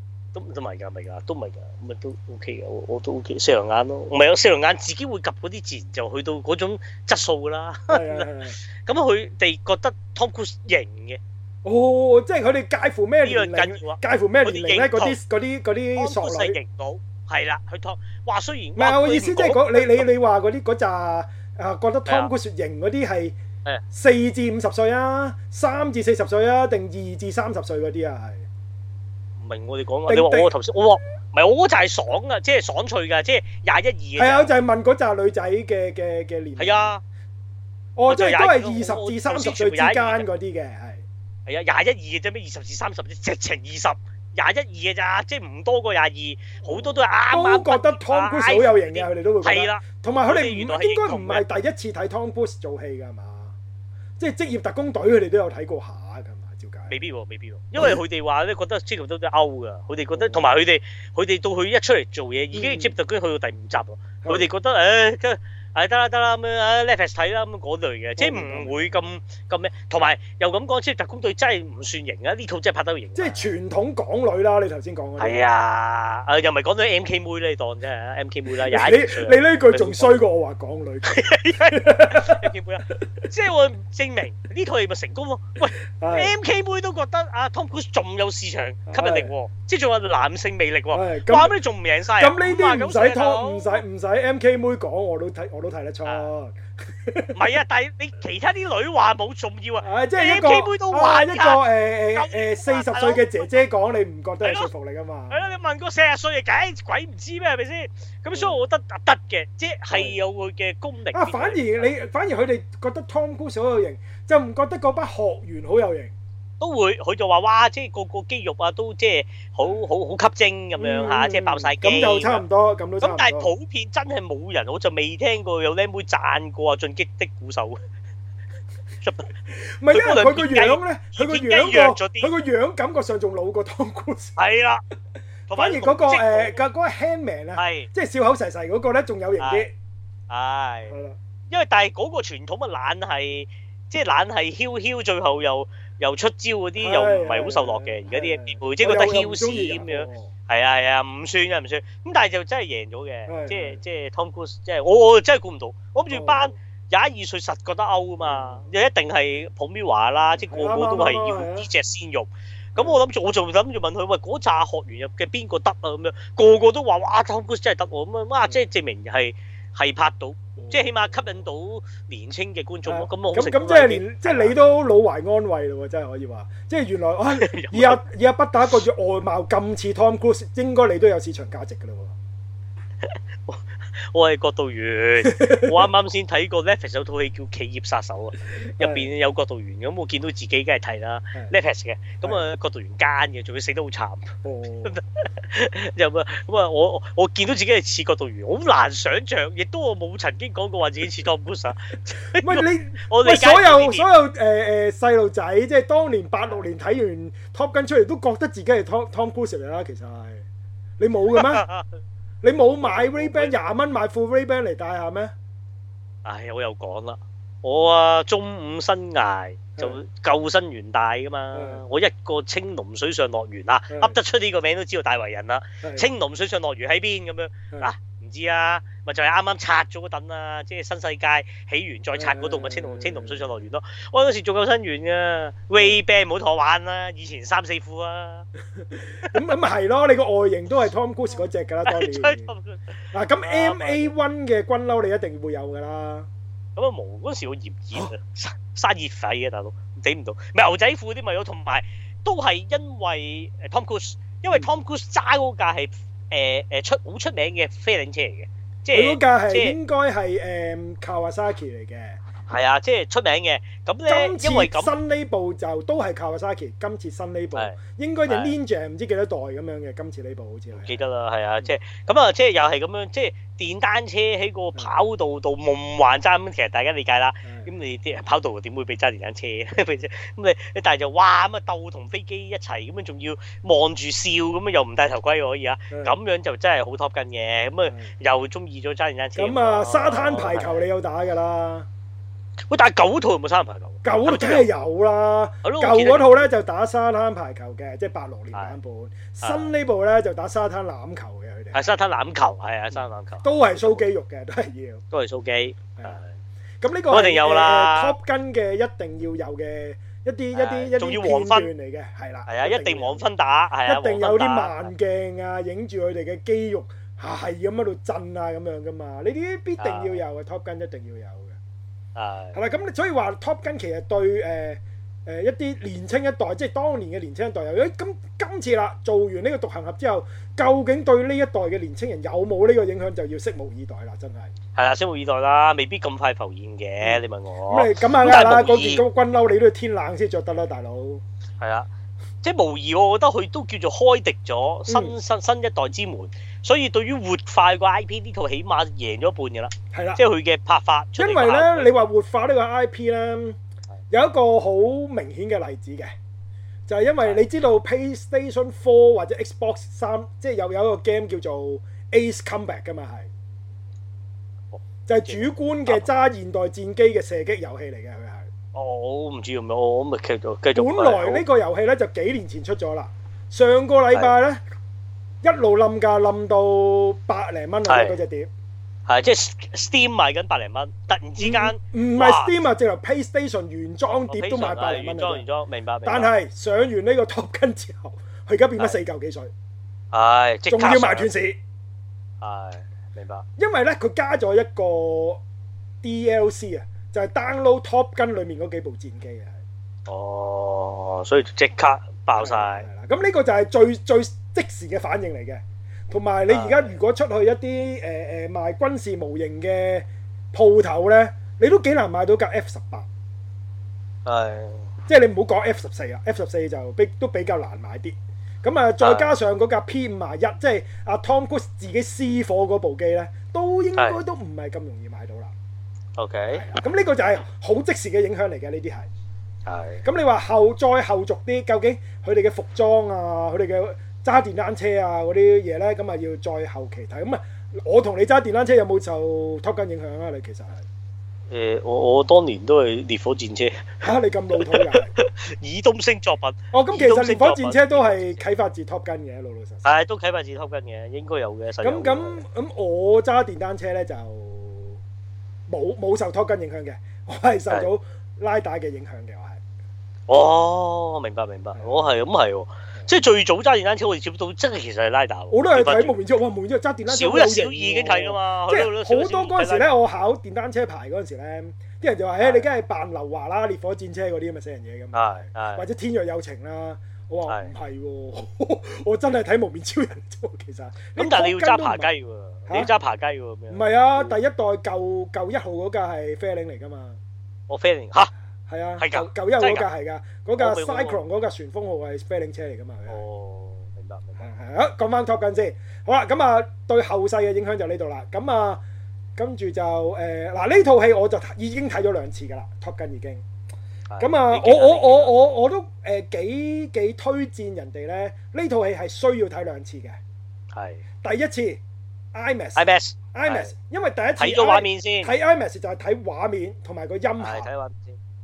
都都唔係㗎，唔係㗎，都唔係㗎，咁咪都 OK 嘅，我都 OK。四眼眼咯，唔係啊，四眼眼自己會及嗰啲，自然就去到嗰種質素啦。咁佢哋覺得 Tom Cruise 型嘅，哦，即係佢哋介乎咩年齡，介乎咩年齡咧？嗰啲嗰啲嗰啲傻女型到，係啦，佢 Tom 話雖然唔係我意思即係嗰你你你話嗰啲嗰扎啊覺得 Tom Cruise 型嗰啲係四至五十歲啊，三至四十歲啊，定二至三十歲嗰啲啊？明我哋講，你話我頭先，我話唔係，我嗰就係爽嘅，即係爽脆嘅，即係廿一二。係啊，就係問嗰扎女仔嘅嘅嘅年齡。係啊，哦，即係都係二十至三十歲之間嗰啲嘅，係係啊，廿一二嘅啫，咩二十至三十，直情二十廿一二嘅咋，即係唔多過廿二，好多都係啱啱覺得 Tom Cruise 好有型嘅，佢哋都會係啦。同埋佢哋唔應該唔係第一次睇 Tom Cruise 做戲嘅嘛，即係職業特工隊佢哋都有睇過下。未必喎、啊，未必喎、啊嗯，因為佢哋話咧覺得《Zebra》都啲 out 㗎，佢哋覺得、嗯，同埋佢哋，佢哋到佢一出嚟做嘢，已經《Zebra》去到第五集咯，佢哋覺得誒、哎。係得啦得啦咁樣啊，Netflix 睇啦，咁嗰類嘅，即係唔會咁咁咩。同埋又咁講，即係特工隊真係唔算型啊！呢套真係拍得型。即係傳統港女啦，你頭先講嗰啲。係啊，誒又唔係講到 MK 妹呢檔啫，MK 妹啦，廿一。你你呢句仲衰過我話港女。MK 妹啊，即係我證明呢套嘢咪成功咯。喂，MK 妹都覺得阿 Tom Cruise 仲有市場吸引力喎，即係仲有男性魅力喎。話乜你仲唔贏晒？咁呢啲唔使 Tom，唔使唔使 MK 妹講我都睇。我都睇得錯，唔係啊！但係你其他啲女話冇重要啊，啲基妹都話一個誒誒誒四十歲嘅姐姐講，你唔覺得都係説服力噶嘛？係咯，你問個四十歲梗鬼唔知咩係咪先？咁所以我覺得得嘅，即係有佢嘅功力。啊，反而你反而佢哋覺得 Tom Cruise 好有型，就唔覺得嗰班學員好有型。都會，佢就話：哇，即係個個肌肉啊，都即係好好好吸睛咁樣嚇，即係爆晒肌。咁就差唔多，咁咁但係普遍真係冇人，我就未聽過有僆妹讚過啊！進擊的鼓手。唔係因為佢個樣咧，佢個樣弱咗啲，佢個樣感覺上仲老過湯鼓手。係啦，反而嗰個誒個嗰個 Hangman 啊，即係笑口噬噬嗰個咧，仲有型啲。係。因為但係嗰個傳統啊，懶係即係懶係囂囂，最後又。又出招嗰啲又唔係好受落嘅，而家啲嘢，即係、 *noise* 就是、覺得囂張咁、啊、樣，係啊係啊唔算啊，唔算，咁但係就真係贏咗嘅，即係即係 Tom Cruise，即、就、係、是、我我真係估唔到，我諗住班廿一二歲實覺得歐噶嘛，又一定係普米華啦，即係個個都係要呢隻鮮肉。咁我諗住我仲諗住問佢喂，嗰紮學員入嘅邊個得啊咁樣，個個都話哇 Tom Cruise 真係得喎咁哇，即係證明係係拍到。即係起碼吸引到年輕嘅觀眾，咁咁咁即係，即係你都老懷安慰咯，真係可以話， *laughs* 即係原來啊，而家而家不打個外貌咁似 Tom Cruise，應該你都有市場價值㗎啦喎。 *laughs* 我係國度員， *laughs* 我啱啱先睇過 Netflix 有套戲叫《企業殺手》啊，入邊有國度員咁，我見到自己梗係睇啦，Netflix 嘅，咁啊國度員奸嘅，仲要死得好慘，又啊，咁啊我我見到自己係似國度員，好難想像，亦都我冇曾經講過話自己似 Tom Cruise，喂你 *laughs* 我哋所有所有誒誒、呃呃、細路仔，即係當年八六年睇完 Top Gun 出嚟，都覺得自己係 Tom Tom Cruise 嚟啦，其實係你冇嘅咩？ *laughs* 你冇買 Ray Ban 廿蚊買副 Ray Ban 嚟戴下咩？唉，我又講啦，我啊中午生涯，就救生員戴㗎嘛，的我一個青龍水上樂園的啊，噏得出呢個名都知道大圍人啦。青龍的水上樂園喺邊咁樣嗱？唔知啊。咪就係啱啱拆咗嗰棟啦，即係新世界起完再拆嗰度咪青龍青龍水上樂園咯。我嗰時做救生員㗎，rebrand 唔好拖玩啦、啊。以前三四副啊，咁咁咪係咯。你個外形都係 Tom Cruise 嗰隻㗎啦。嗱、 *laughs* 嗯，咁 M A One 嘅軍褸你一定要會有㗎啦。咁啊冇嗰時好炎熱啊，生熱痱啊，大佬頂唔到。咪牛仔褲啲咪有，同埋都係因，因為 Tom Cruise，因為 Tom Cruise 揸嗰架係誒誒出好出名嘅飛鷹車嚟嘅。佢嗰架係應該係誒靠阿 Saki 嚟嘅。知嗯係啊，即係出名嘅。咁咧，因為咁新呢部就都係靠 Kawasaki。今次新呢部應該就 Ninja 唔知幾多代咁樣嘅。今次呢部好似唔記得啦。係啊，即係咁啊，即係又係咁樣，即係電單車喺個跑道度夢幻揸。其實大家理解啦。咁你啲跑道點會俾揸電單車？咁你但係就哇咁啊鬥同飛機一齊咁樣，仲要望住笑咁啊，又唔戴頭盔可以啊？咁樣就真係好 top 緊嘅。咁啊又中意咗揸電單車。咁啊，沙灘排球你有打㗎啦？喂，但係舊嗰套有冇沙灘排球？舊嗰套梗係有啦。舊嗰套咧就打沙灘排球嘅，即係八六年版本。新呢部咧就打沙灘欖球嘅佢哋。係沙灘欖球，係啊，沙灘欖球。都係痩肌肉嘅，都係要。都係痩肌。咁呢個一定有啦。Top Gun 嘅一定要有嘅，一啲一啲一啲片段嚟嘅，係啦。係啊，一定黃昏打。係啊，黃昏打。一定有啲慢鏡啊，影住佢哋嘅肌肉係咁喺度震啊，咁樣㗎嘛。呢啲必定要有嘅，Top Gun 一定要有。係，係咪咁？所以話 Top Gun 其實對誒誒、呃呃、一啲年青一代，即係當年嘅年青一代有，咁今，今次啦，做完呢個獨行俠之後，究竟對呢一代嘅年青人有冇呢個影響，就要拭目以待啦，真係。係啊，拭目以待啦，未必咁快浮現嘅。嗯、你問我，咁啊、嗯，係、嗯、啦，嗰件嗰軍褸你都要天冷先着得啦，大佬。係啊，即係無疑，我覺得佢都叫做開啓咗新新、嗯、新一代之門。所以對於活化個 IP 呢套，起碼贏咗一半嘅啦。係啦，即係佢嘅拍法。因為咧，你話活化呢個 IP 咧，有一個好明顯嘅例子嘅，就係、係、因為你知道 PlayStation Four 或者 Xbox 三，即係又有一個 game 叫做 Ace Combat 噶嘛，係、哦、就係主觀嘅揸現代戰機嘅射擊遊戲嚟嘅佢係。哦，我唔知咁樣，我咪繼咗繼續繼續。本來呢個遊戲咧就幾年前出咗啦，上個禮拜咧。一路冧噶，冧到百零蚊啊！嗰隻碟係即係 Steam 賣緊百零蚊，突然之間唔係 Steam 啊，直頭 PlayStation 原裝碟都賣百零蚊。原裝原裝，明白。但係上完呢個 Top Gun 之後，佢而家變咗四舊幾水。係，仲要賣斷市。係，明白。因為咧，佢加咗一個 DLC 啊，就係 download Top Gun 裏面嗰幾部戰機啊。哦，所以即刻爆晒。咁呢個就係最最。即時嘅反應嚟嘅，同埋你而家如果出去一啲誒誒賣軍事模型嘅鋪頭呢，你都幾難買到架 F 十八啊。係，即係你唔好講 F 十四啊，F 十四就比都比較難買啲。咁啊，再加上嗰架 P 五十一，即係阿 Tom Cruise 自己私伙嗰部機呢，都應該都唔係咁容易買到啦。OK，咁呢個就係好即時嘅影響嚟嘅，呢啲係。係，啊。咁你話後再後續啲，究竟佢哋嘅服裝啊，佢哋嘅？揸電單車啊嗰啲嘢咧，咁啊要再後期睇。咁啊，我同你揸電單車有冇受 Top Gun 影響啊？你其實係誒、啊，我我當年都係烈火戰車嚇、 *laughs* 啊，你咁老土啊！ *laughs* 以東昇作品哦，咁、嗯哦、其實烈火戰車都係啟發自 Top Gun 嘅，老老實實係都啟發自 Top Gun 嘅，應該有嘅。咁咁咁，我揸電單車咧就冇冇受 Top Gun 影響嘅，我係受到拉帶嘅影響嘅，我係哦，明白明白，我係咁係喎。 即係最早揸電單車，我哋接觸到真係其實係拉打。我都係睇蒙面超，我話蒙面超揸電單車少少二已經睇㗎嘛。即係好多嗰陣時咧，我考電單車牌嗰陣時咧，啲人就話，誒你梗係扮劉華啦，《烈火戰車》嗰啲咁嘅死人嘢咁。係或者《天若有情》啦，我話唔係喎，我真係睇蒙面超人啫。其實咁但係你要揸爬雞喎，你要揸爬雞喎。唔係啊，第一代舊舊一號嗰架係 Fairing 嚟㗎嘛，我 Fairing 嚇。係啊，舊舊優嗰架係噶，嗰架 Cyclone 嗰架旋風號係 Failing 車嚟噶嘛？哦，明白明白。係好，講翻 Top Gun 先。好啦，咁啊，對後世嘅影響就呢度啦。咁啊，跟住就誒嗱，呢套戲我就已經睇咗兩次噶啦，Top Gun 已經。咁啊，我我我我我都誒幾幾推薦人哋咧，呢套戲係需要睇兩次嘅。係第一次，IMAX，IMAX，IMAX，因為第一次睇咗畫面先，睇 IMAX 就係睇畫面同埋個音效。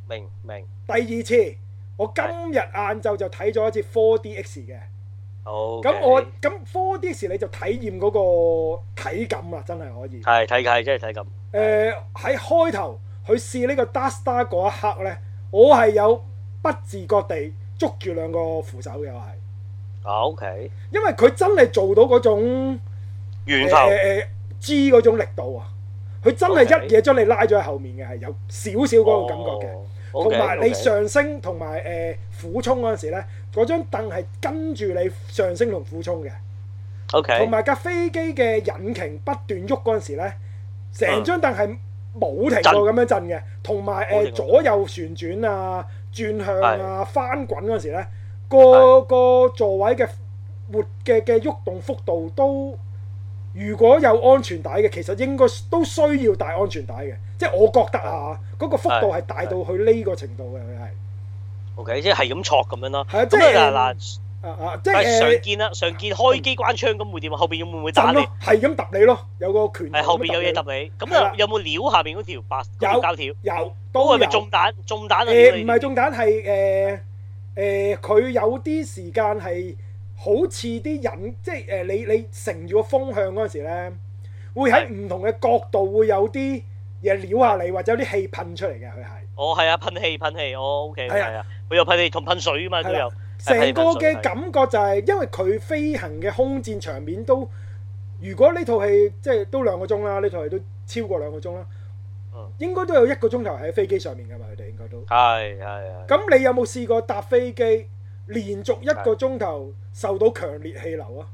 明明，第二次我今日晏晝就睇咗一次 Four D X 嘅，好 Okay。咁我咁 Four D X 你就體驗嗰個體感啊，真係可以。係，睇感真係體感。誒、呃，喺是開頭去試呢個 Dark Star 嗰一刻咧，我係有不自覺地捉住兩個扶手嘅，係。O Okay K。因為佢真係做到嗰種源頭誒 G 嗰種力度啊，佢真係一嘢將你拉咗喺後面嘅，係有少少嗰個感覺嘅。哦同埋你上升同埋誒俯衝陣時咧，嗰張凳係跟住你上升同俯衝嘅。同埋 Okay. 架飛機嘅引擎不斷喐陣時咧，成張凳係冇停過咁樣震嘅。同埋誒左右旋轉啊、轉向啊、翻滾陣時咧，個個座位嘅活嘅嘅喐動幅度都，如果有安全帶嘅，其實應該都需要帶安全帶嘅。即係我覺得啊，嗰個幅度係大到去呢個程度嘅，佢係 O K，即係係咁挫咁樣咯。係啊，即係嗱啊啊，即係是常見啦，常見開機關槍咁會點啊？後邊會唔會打你？係咁揼你咯，有個拳係後邊有嘢揼你。咁啊，有冇料下邊嗰條白膠條？都有都係咪中彈？中彈，誒唔係中彈係誒誒，佢、呃呃、有啲時間係好似啲人，即係誒、呃、你你乘住個風向嗰陣時咧，會喺唔同嘅角度會有啲。嘢撩下你，或者有啲氣噴出嚟嘅，佢係。哦，係、OK、啊，噴氣噴氣，哦 OK。係啊，佢有噴氣同噴水啊嘛，都有。成個嘅感覺就係、是，啊、因為佢飛行嘅空戰場面都，如果呢套戲即係都兩個鐘啦，呢套戲都超過兩個鐘啦。嗯。應該都有一個鐘頭喺飛機上面噶嘛，佢哋應該都。係係啊。咁你有冇試過搭飛機、啊、連續一個鐘頭受到強烈氣流啊？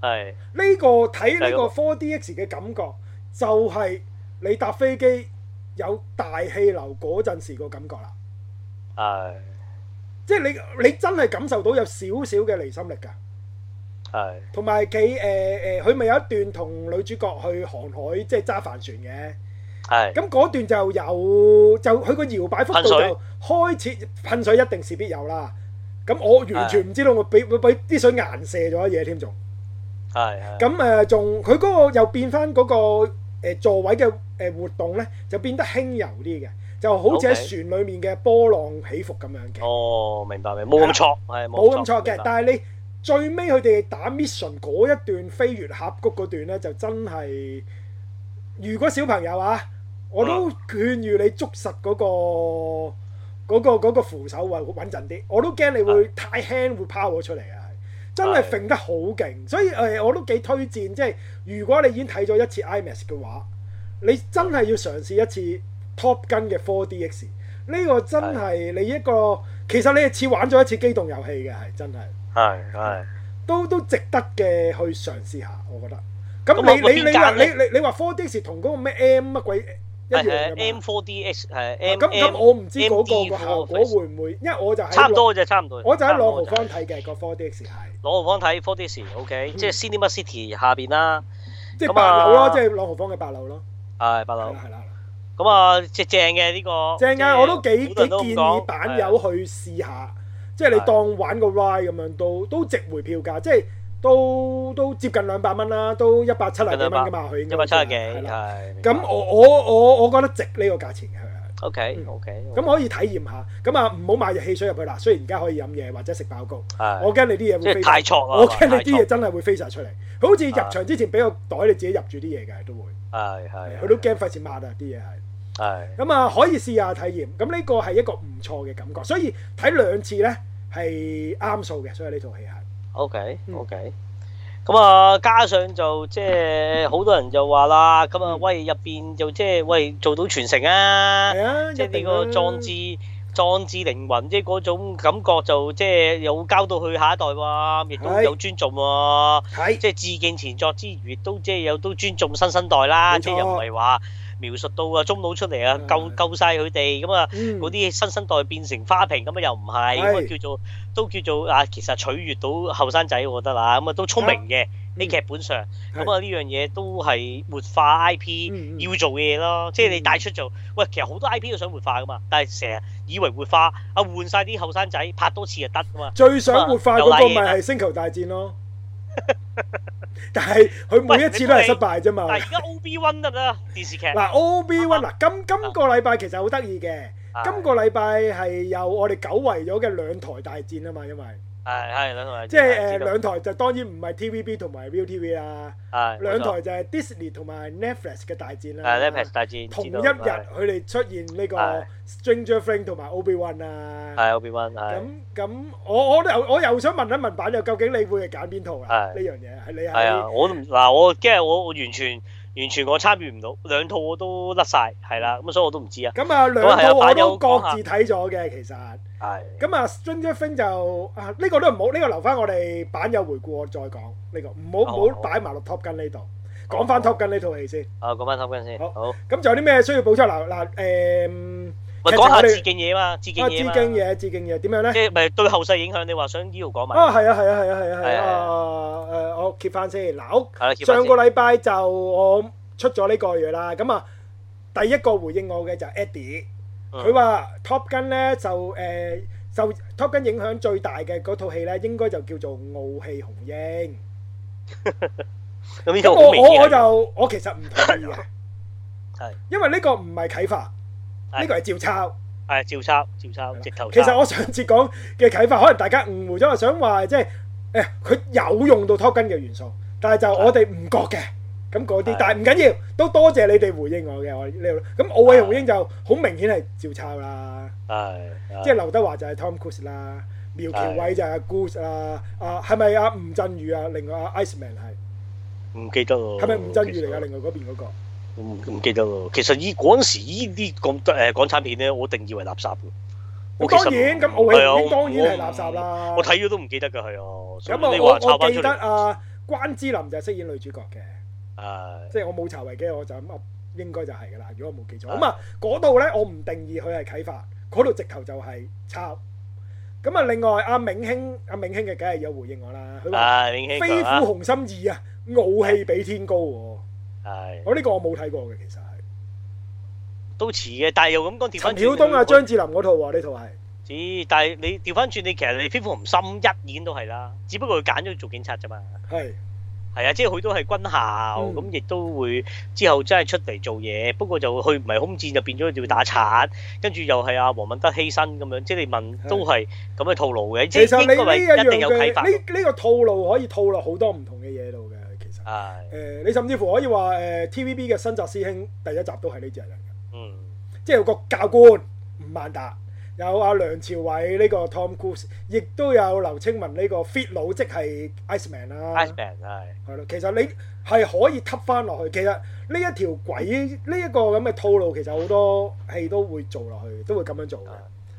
係 *laughs* 、啊。呢、這個睇呢個 4DX 嘅感覺。就係你搭飛機有大氣流嗰陣時個感覺啦，係，即係你你真係感受到有少少嘅離心力㗎，係，同埋佢誒誒，佢咪有一段同女主角去航海，即係揸帆船嘅，係，咁嗰段就有，就佢個搖擺幅度就開始噴水，一定係必有啦。咁我完全唔知道我俾俾啲水硬射咗嘢添，仲係，咁誒仲佢嗰個又變返嗰個。誒，座位嘅誒活動咧，就變得輕柔啲嘅，就好似喺船裏面嘅波浪起伏咁樣嘅。哦、okay. oh, 明白、明白。冇咁錯，冇咁錯嘅。但係你最尾佢哋打 mission 嗰一段飛越峽谷嗰段咧，就真係，如果小朋友啊，我都勸喻你捉實嗰、嗰個、uh, 嗰個、嗰個扶手位啊，穩陣啲。我都驚你會太輕會拋咗出嚟啊！真係揈得好勁，所以誒、呃、我都幾推薦，即係如果你已經睇咗一次 IMAX 嘅話，你真係要嘗試一次 Top 跟嘅 4DX，呢個真係你一個的其實你似玩咗一次機動遊戲嘅，係真係，係係都都值得嘅去嘗試下，我覺得。咁你你你話你你你話 4DX 同嗰個咩 M 乜鬼？誒 M4DX 係 M，咁我唔知嗰個個效果會唔會，因為我就係差唔多啫，差唔多。我就喺朗豪坊睇嘅個 4DX 係。朗豪坊睇 4DX，OK，即係 Cinema City 下邊啦。即係八樓咯，即係朗豪坊嘅八樓咯。係八樓，係啦。咁啊，即正嘅呢個。正嘅，我都幾幾建議版友去試下，即係你當玩個 ride 咁樣，都都值回票價，即係。都都接近兩百蚊啦，都一百七十幾蚊噶嘛，佢一百七十幾，係咁我我我我覺得值呢個價錢嘅，O K，O K，咁可以體驗下，咁啊唔好買隻汽水入去啦，雖然而家可以飲嘢或者食爆谷，我驚你啲嘢，即係太錯啦，我驚你啲嘢真係會飛晒出嚟，佢好似入場之前俾個袋你自己入住啲嘢嘅都會，係係，佢都驚費事擘啊啲嘢係，係，咁啊可以試下體驗，咁呢個係一個唔錯嘅感覺，所以睇兩次咧係啱數嘅，所以呢套戲啊。O K O K，咁啊加上就即係好多人就話啦，咁啊、嗯就是、喂入邊就即係喂做到傳承啊，即係呢個壯志壯志凌雲、就是，即係嗰種感覺就即、是、係有交到去下一代喎、啊，亦都有尊重喎、啊，即係致敬前作之餘都即係有都尊重新生代啦、啊，即係又唔係話，描述到啊，中老出嚟啊，救救晒佢哋咁啊，嗰啲、嗯、新生代變成花瓶咁啊，又唔係，咁啊是，叫做都叫做啊，其實取悅到後生仔，我覺得啦，咁啊都聰明嘅喺劇本上，咁啊呢樣嘢都係活化 IP、嗯嗯、要做嘅嘢咯，即係你帶出做，喂，其實好多 IP 都想活化噶嘛，但係成日以為活化啊，換晒啲後生仔拍多次就得噶嘛，最想活化嗰個咪係、啊、星球大戰咯。 *laughs* 但係佢每一次都係失敗啫嘛。而家 *laughs* O B One 得唔得，電視劇。嗱，O B One 嗱，今今個禮拜其實好得意嘅，今個禮拜係有、uh huh. 我哋久違咗嘅兩台大戰啊嘛，因為。係，係兩台，即係誒兩台就當然唔係 TVB 同埋 ViuTV 啊的，兩台就係 Disney 同埋 Netflix 嘅大戰啦的。Netflix 大戰同一日佢哋出現呢個 Strange New Worlds 同埋 Obi-Wan 啊，Obi-Wan，咁咁我我又我又想問一問版友，究竟你會係揀邊套啊？呢樣嘢係你喺我嗱，我驚日我我完全。完全我參與唔到，兩套我都甩晒，係啦，咁所以我都唔知啊。咁啊，兩套我都各自睇咗嘅，嗯、其實。係、哎。咁啊，Stranger t h i n g 就啊，呢、這個都唔好，呢、這個留翻我哋版友回顧，我再講呢、這個，唔好唔好擺埋落 Top 跟呢度，講翻、哦、Top 跟呢套戲先。啊、哦，講翻 Top 跟先。好。好。咁仲好有啲咩需要補充？嗱嗱誒。呃嗯講下致敬嘢嘛，致敬嘢嘛。致敬嘢，致敬嘢，點樣咧？即係唔係對後世影響？你話想呢度講埋。啊，係啊，係啊，係啊，係啊。係啊。誒，我揭翻先。嗱，我上個禮拜就我出咗呢個嘢啦。咁啊，第一個回應我嘅就係 Eddie，佢話 Top Gun 咧就誒受 Top Gun 影響最大嘅嗰套戲咧，應該就叫做《傲氣雄鷹》。咁我我我就我其實唔同意嘅，係，因為呢個唔係啟發。呢個係照抄，係照抄，照抄，直頭。其實我上次講嘅啟發，可能大家誤會咗，我想話即係，誒，佢有用到 Top Gun 嘅元素，但係就我哋唔覺嘅，咁嗰啲，但係唔緊要，都多謝你哋回應我嘅，我呢度。咁傲氣雄鷹就好明顯係照抄啦，係，即係劉德華就係 Tom Cruise 啦，苗僑偉就係 Goose 啦，啊，係咪阿吳鎮宇啊？另外 Ice Man 係，唔記得咯，係咪吳鎮宇嚟啊？另外嗰邊嗰個。唔唔記得咯。其實依嗰陣時，依啲咁誒港產片咧，我定義為垃圾㗎。當然，咁傲氣片當然係垃圾啦。我睇咗都唔記得㗎，係我。咁啊，我我記得啊，關之琳就係飾演女主角嘅。誒，即係我冇查維基，我就諗啊，應該就係㗎啦。如果我冇記錯，咁啊嗰度咧，我唔定義佢係啟發，嗰度直頭就係抄。咁啊，另外阿銘兄，阿銘兄嘅梗係有回應我啦。佢話：飛虎雄心二啊，傲氣比天高喎。我呢個我冇睇過嘅，其實係都遲嘅，但係又咁講調翻。陳曉東啊，張他智霖嗰套啊，呢套係，但係你調翻轉，你其實你幾乎唔深一演都係啦，只不過佢揀咗做警察啫嘛。係係啊，即係佢都係軍校，咁亦、嗯、都會之後真係出嚟做嘢，不過就佢唔係空戰就變咗要打賊，跟住又係阿黃敏德犧牲咁樣，即係你問是都係咁嘅套路嘅，即係呢呢一定有啟發嘅，呢呢個套路可以套落好多唔同嘅嘢度。係誒，你甚至乎可以話誒，TVB 嘅新紮師兄第一集都係呢隻人嘅，嗯，即係有個教官吳孟達，有阿梁朝偉呢個 Tom Cruise，亦都有劉青雲呢個 Fit 佬，即係 Ice Man 啦，Ice Man 係係咯，其實你係可以吸翻落去。其實呢一條軌，呢一個咁嘅套路，其實好多戲都會做落去，都會咁樣做嘅。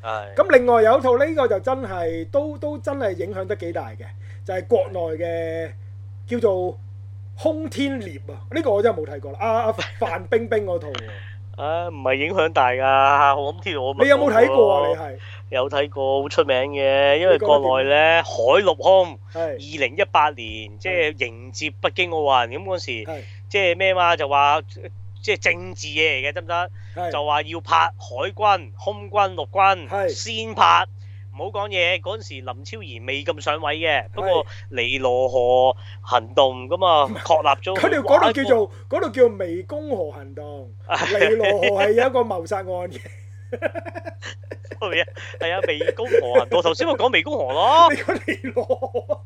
係咁，另外有一套呢個就真係都都真係影響得幾大嘅，就係國內嘅叫做，空天獵啊！呢、這個我真係冇睇過啦。阿、啊、阿范冰冰嗰套啊，唔係、 *laughs* 啊、影響大㗎。天我唔知我你有冇睇過啊？你係有睇過好出名嘅，因為國內咧海陸空二零一八年即係、就是、迎接北京奧運咁嗰時，即係咩嘛就話即係政治嘢嚟嘅，得唔得？ *laughs* 就話要拍海軍、空軍、陸軍 *laughs* *laughs* 先拍。唔好講嘢，嗰陣時林超兒未咁上位嘅，不過尼羅河行動咁啊，確立咗。佢哋嗰度叫做，嗰度叫做湄公河行動，尼羅河係有一個謀殺案嘅。係啊，湄公河行動，頭先我講湄公河咯。呢個尼羅河，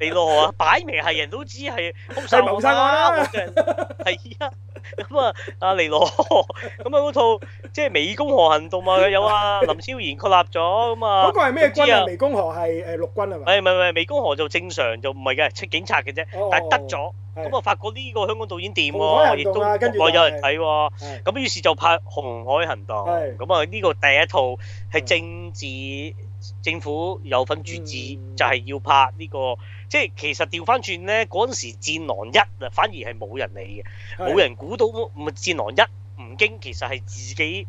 尼羅河啊，擺明係人都知係凶殺謀殺案係啊。咁 *laughs* 啊，阿尼羅，咁啊嗰套即係《湄公河行動》啊， *laughs* 有啊，林超賢確立咗咁啊。嗰 *laughs* 個係咩軍啊？湄公河係誒陸軍係咪唔係唔係，湄公河就正常就唔係嘅，出警察嘅啫。哦哦哦但係得咗，咁啊是發覺呢個香港導演掂喎、哦，亦、啊、都有人睇喎、哦。咁於是就拍《紅海行動》是，咁啊呢個第一套係政治。政府有份注資，嗯、就係要拍呢、呢個，即係其實調翻轉呢嗰陣時《戰狼一》啊，反而係冇人理嘅，冇的人估到咁《戰狼一》吳京其實係自己。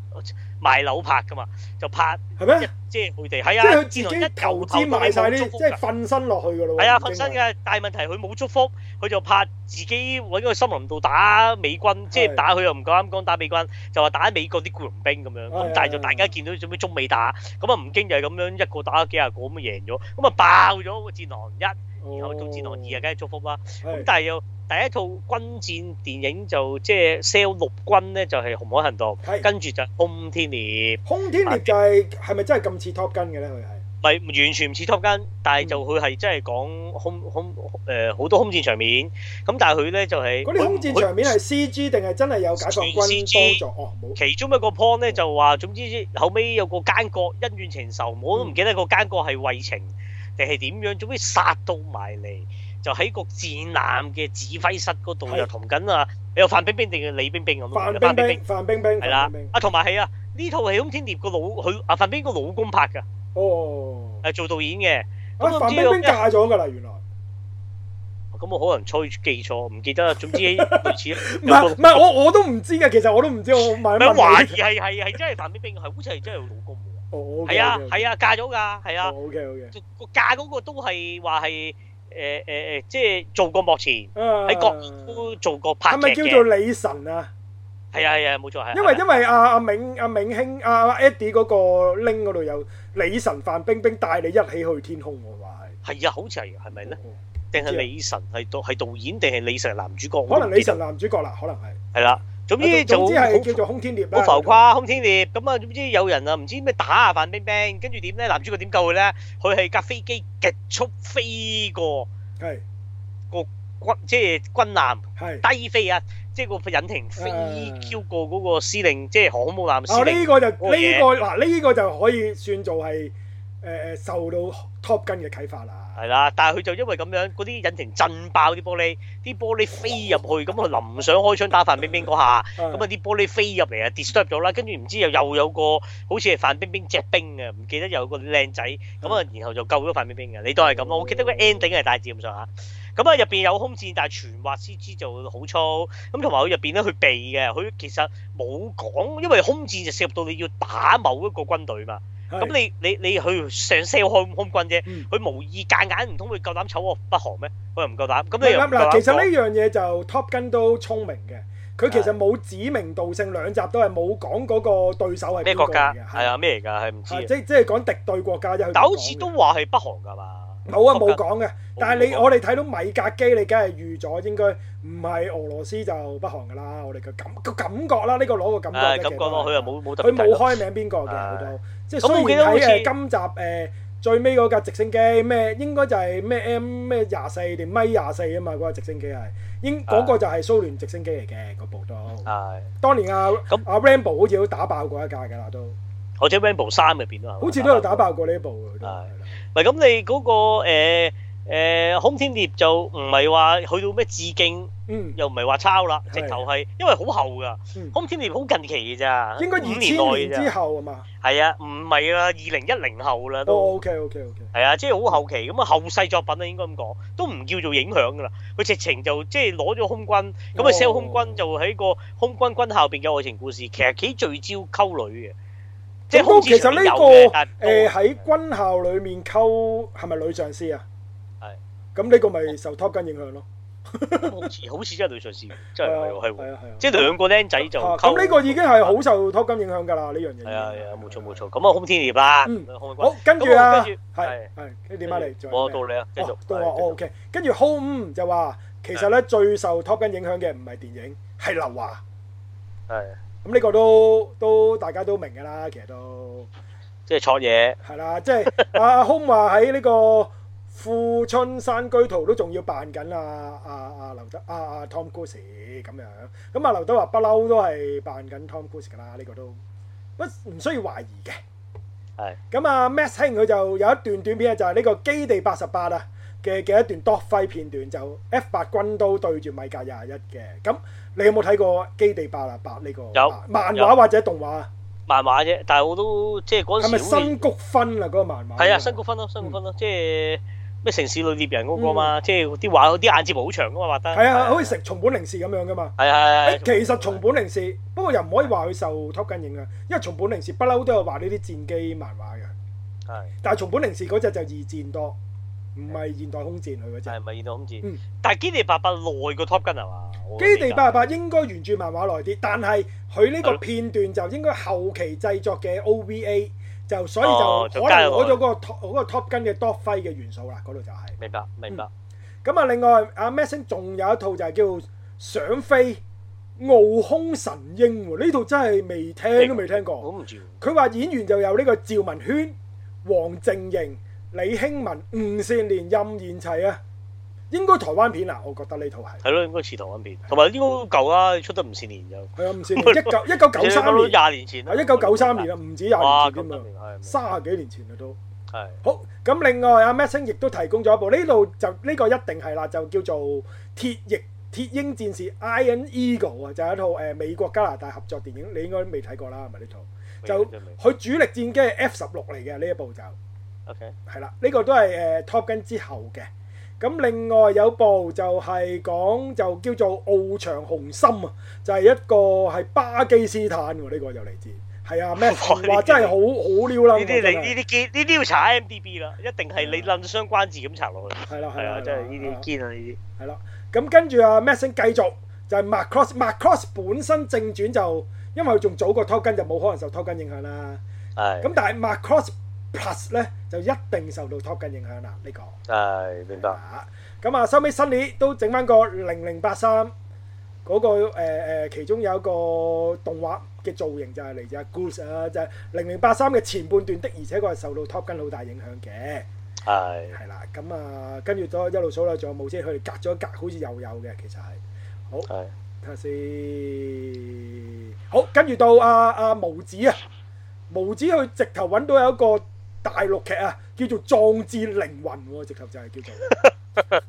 賣樓拍噶嘛，就拍係咩？即係佢哋係啊，即係戰狼一頭投資曬啲，即係瞓身落去噶啦，係啊，瞓身嘅。但、啊、大問題佢冇祝福，佢就拍自己揾個森林度打美軍，的即係打佢又唔夠啱講打美軍，就話打美國啲僱傭兵咁樣。咁但係就大家見到準備捉未打，咁啊吳京就係咁樣一個打咗幾廿個咁贏咗，咁啊爆咗個戰狼一。哦、然後《戰狼二》啊，梗係祝福啦。咁但係又第一套軍戰電影就即係 sell 陸軍咧，就係《紅海行動》，跟住就《空天獵》。《空天獵》就係係咪真係咁似 Top Gun 嘅咧？佢係咪完全唔似 Top Gun，但係就佢係真係講空空誒好多空戰場面。咁但係佢咧就係嗰啲空戰場面係 C G 定係真係有解放軍幫、 哦、其中一個 point 咧就話、是，總之後尾有個奸角恩怨情仇，我都唔記得個奸角係為情。定係點樣？做咩殺到埋嚟？就喺個戰艦嘅指揮室嗰度，又同緊啊！你有范冰冰定係李冰冰咁啊？我范冰冰、范冰冰，係啦的，啊同埋係啊，呢套係《空天獵》個老佢啊，范冰冰個老公拍噶。哦，係做導演嘅。咁、啊、范冰冰嫁咗噶啦，原來。咁、啊、我可能初記錯，唔記得啦。總之類似。唔係 *laughs* 我我，我都唔知嘅。其實我都唔知，我懷疑係係係真係范冰冰，係好似係真係老公。係啊係啊嫁咗噶係啊，個嫁嗰、啊 oh, okay, okay. 個都係話係誒誒誒，即係做過幕前，喺國、uh, 都做過拍劇，係咪叫做李晨啊？係啊係啊冇錯，係。錯，因為、啊、因為阿阿、啊、明阿、啊、明興阿、啊、Eddie 嗰個 link 嗰度有李晨范冰冰帶你一起去天空，我話係。係啊，好似係，係咪咧？定係、oh, 李晨係導係導演，定係李晨男，男主角？可能李晨男主角啦，可能係。係啦。總之做好叫做空天獵，好浮誇，空天獵咁啊！總之有人啊，唔知咩打啊，范冰冰，跟住點咧？男主角點救佢咧？佢係架飛機極速飛過，係個是軍即係軍艦，是低飛啊！即係個引擎飛飄過嗰個司令，啊、即係航空母艦司令呢、啊呢個就呢、是 Okay. 呢個嗱，呢、呢個就可以算做係。誒誒，受到 Top Gun 嘅啟發啦，係啦，但係佢就因為咁樣，嗰啲引擎震爆啲玻璃，啲玻璃飛入去，咁啊臨上開槍打范冰冰嗰下，咁啊啲玻璃飛入嚟啊 disturb 咗啦，跟住唔知又又有個好似係范冰冰隻兵啊，唔記得有個靚仔，咁啊 *laughs* 然後就救咗范冰冰嘅，你都係咁咯， *laughs* 我記得個 ending 係大致咁上下，咁啊入邊有空戰，但係傳話 CG 就好粗，咁同埋佢入邊咧佢避嘅，佢其實冇講，因為空戰就涉入到你要打某一個軍隊嘛。咁是你你你佢上射開空軍啫，佢、嗯、無意夾硬唔通，會夠膽醜我北韓咩？佢又唔夠膽。咁你又唔夠膽講。其實呢樣嘢就 Top Gun 都聰明嘅，佢其實冇指名道姓，兩集都係冇講嗰個對手係咩國家，係是、哎、啊，咩嚟㗎？係唔知。即即係講敵對國家。有好似都話係北韓㗎嘛。冇啊，冇講嘅。但係你但我哋睇到米格機，你梗係預咗應該唔係俄羅斯就北韓噶啦。我哋個感個感覺啦，呢個攞個感覺。係、這個、感佢冇冇開名邊個嘅，都、哎、即係雖然。睇嘅、哎、今集誒、呃、最尾嗰架直升機咩？應該就係咩 M 咩廿四定米廿四啊嘛？嗰、那、架、個、直升機係應嗰個就係蘇聯直升機嚟嘅嗰部都。係、哎。當年阿阿 Rambo 好似都打爆過一架㗎啦都，或者《Rambo 三》入邊咯，好似都有打爆過呢一部。唔係咁，你嗰個誒誒《空天獵》就唔係話去到咩致敬，又唔係話抄啦，直頭係因為好後噶，《空天獵》好近期嘅咋，應該二千年之後啊嘛，係啊，唔係啦，二零一零後啦都。O K O K O K 係啊，即係好後期咁啊，後世作品啊，應該咁講都唔叫做影響㗎啦。佢直情就即係攞咗空軍咁啊，寫空軍就喺個空軍軍校入邊嘅愛情故事，其實幾聚焦溝女嘅。其實呢個誒喺軍校裏面溝係咪女上司啊？係，咁呢個咪受 Top Gun 影響咯？好似好似真係女上司，真係係係啊係啊，即係兩個僆仔就咁呢個已經係好受 Top Gun 影響噶啦呢樣嘢。係啊係啊，冇錯冇錯。咁啊，空天獵啦，好，跟住啊，係係，跟住點啊？嚟？我到你啊，繼續，到我，O K。跟住，home 就話其實咧最受 Top Gun 影響嘅唔係電影，係劉華，係。咁呢個都都大家都明嘅啦，其實都即係錯嘢係啦，即係阿 Ho 話喺呢個《富春山居圖》都仲要扮緊啊，阿阿劉德阿阿 Tom Cruise 咁樣，咁啊，劉德華不嬲都係扮緊 Tom Cruise 㗎啦，呢、這個都不唔需要懷疑嘅。係咁阿 m a s *laughs* s King、啊、佢就有一段，段短片咧，就係呢個基地八十八啊嘅嘅一段 dog fight 片段，就 F 八軍刀對住米格廿一嘅咁。 *laughs* 你有冇睇過《基地八八八》呢個？有漫畫或者動畫？漫畫啫，但係我都即係嗰陣時。係咪新谷分啊？嗰個漫畫？係啊，新谷分咯，新谷分咯，即係咩城市裏獵人嗰個嘛，即係啲畫啲眼睫毛好長噶嘛，畫得。係啊，好似《成松本零士》咁樣噶嘛。係係係。誒，其實松本零士不過又唔可以話佢受 Top Gun 影響，因為松本零士不嬲都有畫呢啲戰機漫畫嘅。係。但係松本零士嗰隻就二戰多。唔係現代空戰佢嗰隻，係咪現代空戰？但但《基地八八》耐個 Top Gun 係嘛？《基地八八》應該原著漫畫耐啲，嗯、但係佢呢個片段就應該後期製作嘅 OVA 就，哦、所以就可能攞咗嗰個 top 嗰嘅 Top Gun 嘅 dogfight 嘅元素啦，嗰度就係明白明白。咁啊、嗯白嗯，另外阿銘仲有一套就係叫做《想飛傲空神鷹》，呢套真係未聽白都未聽過。我唔知。佢話白演員就有呢個趙文軒、黃靖瑩。李興文吳倩蓮任賢齊啊，應該台灣片啊。我覺得呢套係。係咯，應該似台灣片，同埋應該舊啦，出得唔善年就。係啊，唔善年一九一九九三年，廿年前啊，一九九三年啊，唔止廿年前三啊幾年前啦都。係。好咁，另外阿 Matt 清亦都提供咗一部呢度就呢個一定係啦，就叫做《鐵翼鐵鷹戰士 Iron Eagle》啊，就係一套誒美國加拿大合作電影，你應該未睇過啦，係咪呢套？就佢主力戰機係 F 十六嚟嘅呢一部就。係啦，呢個都係 Top Gun 之後嘅。咁另外有部就係講就叫做《傲長雄心》啊，就係一個係巴基斯坦喎，呢個又嚟自係啊。咩話真係好好撩撚？呢啲你呢啲堅，你調查 MDB 啦，一定係你撚相關字檢查落去。係啦，係啊，真係呢啲堅啊，呢啲。係啦，咁跟住啊 m a s s i n g 繼續就係 Macross Macross 本身正傳就因為佢仲早過 Top Gun，就冇可能受 Top Gun 影響啦。係。咁但係 Macross Plus 咧就一定受到 Top Gun 影響啦，呢個係明白。咁啊，收尾新年都整翻個零零八三嗰個誒誒，其中有一個動畫嘅造型就係嚟自阿 Gus 啊，就係零零八三嘅前半段的，而且佢係受到 Top Gun 好大影響嘅。係係啦，咁啊，跟住咗一路數落，仲有無遮佢哋隔咗一隔，好似又有嘅，其實係好睇下先。好，跟住到阿阿毛子啊，毛子佢直頭揾到有一個。大陸劇啊，叫做《壯志凌雲》喎，直頭就係叫做。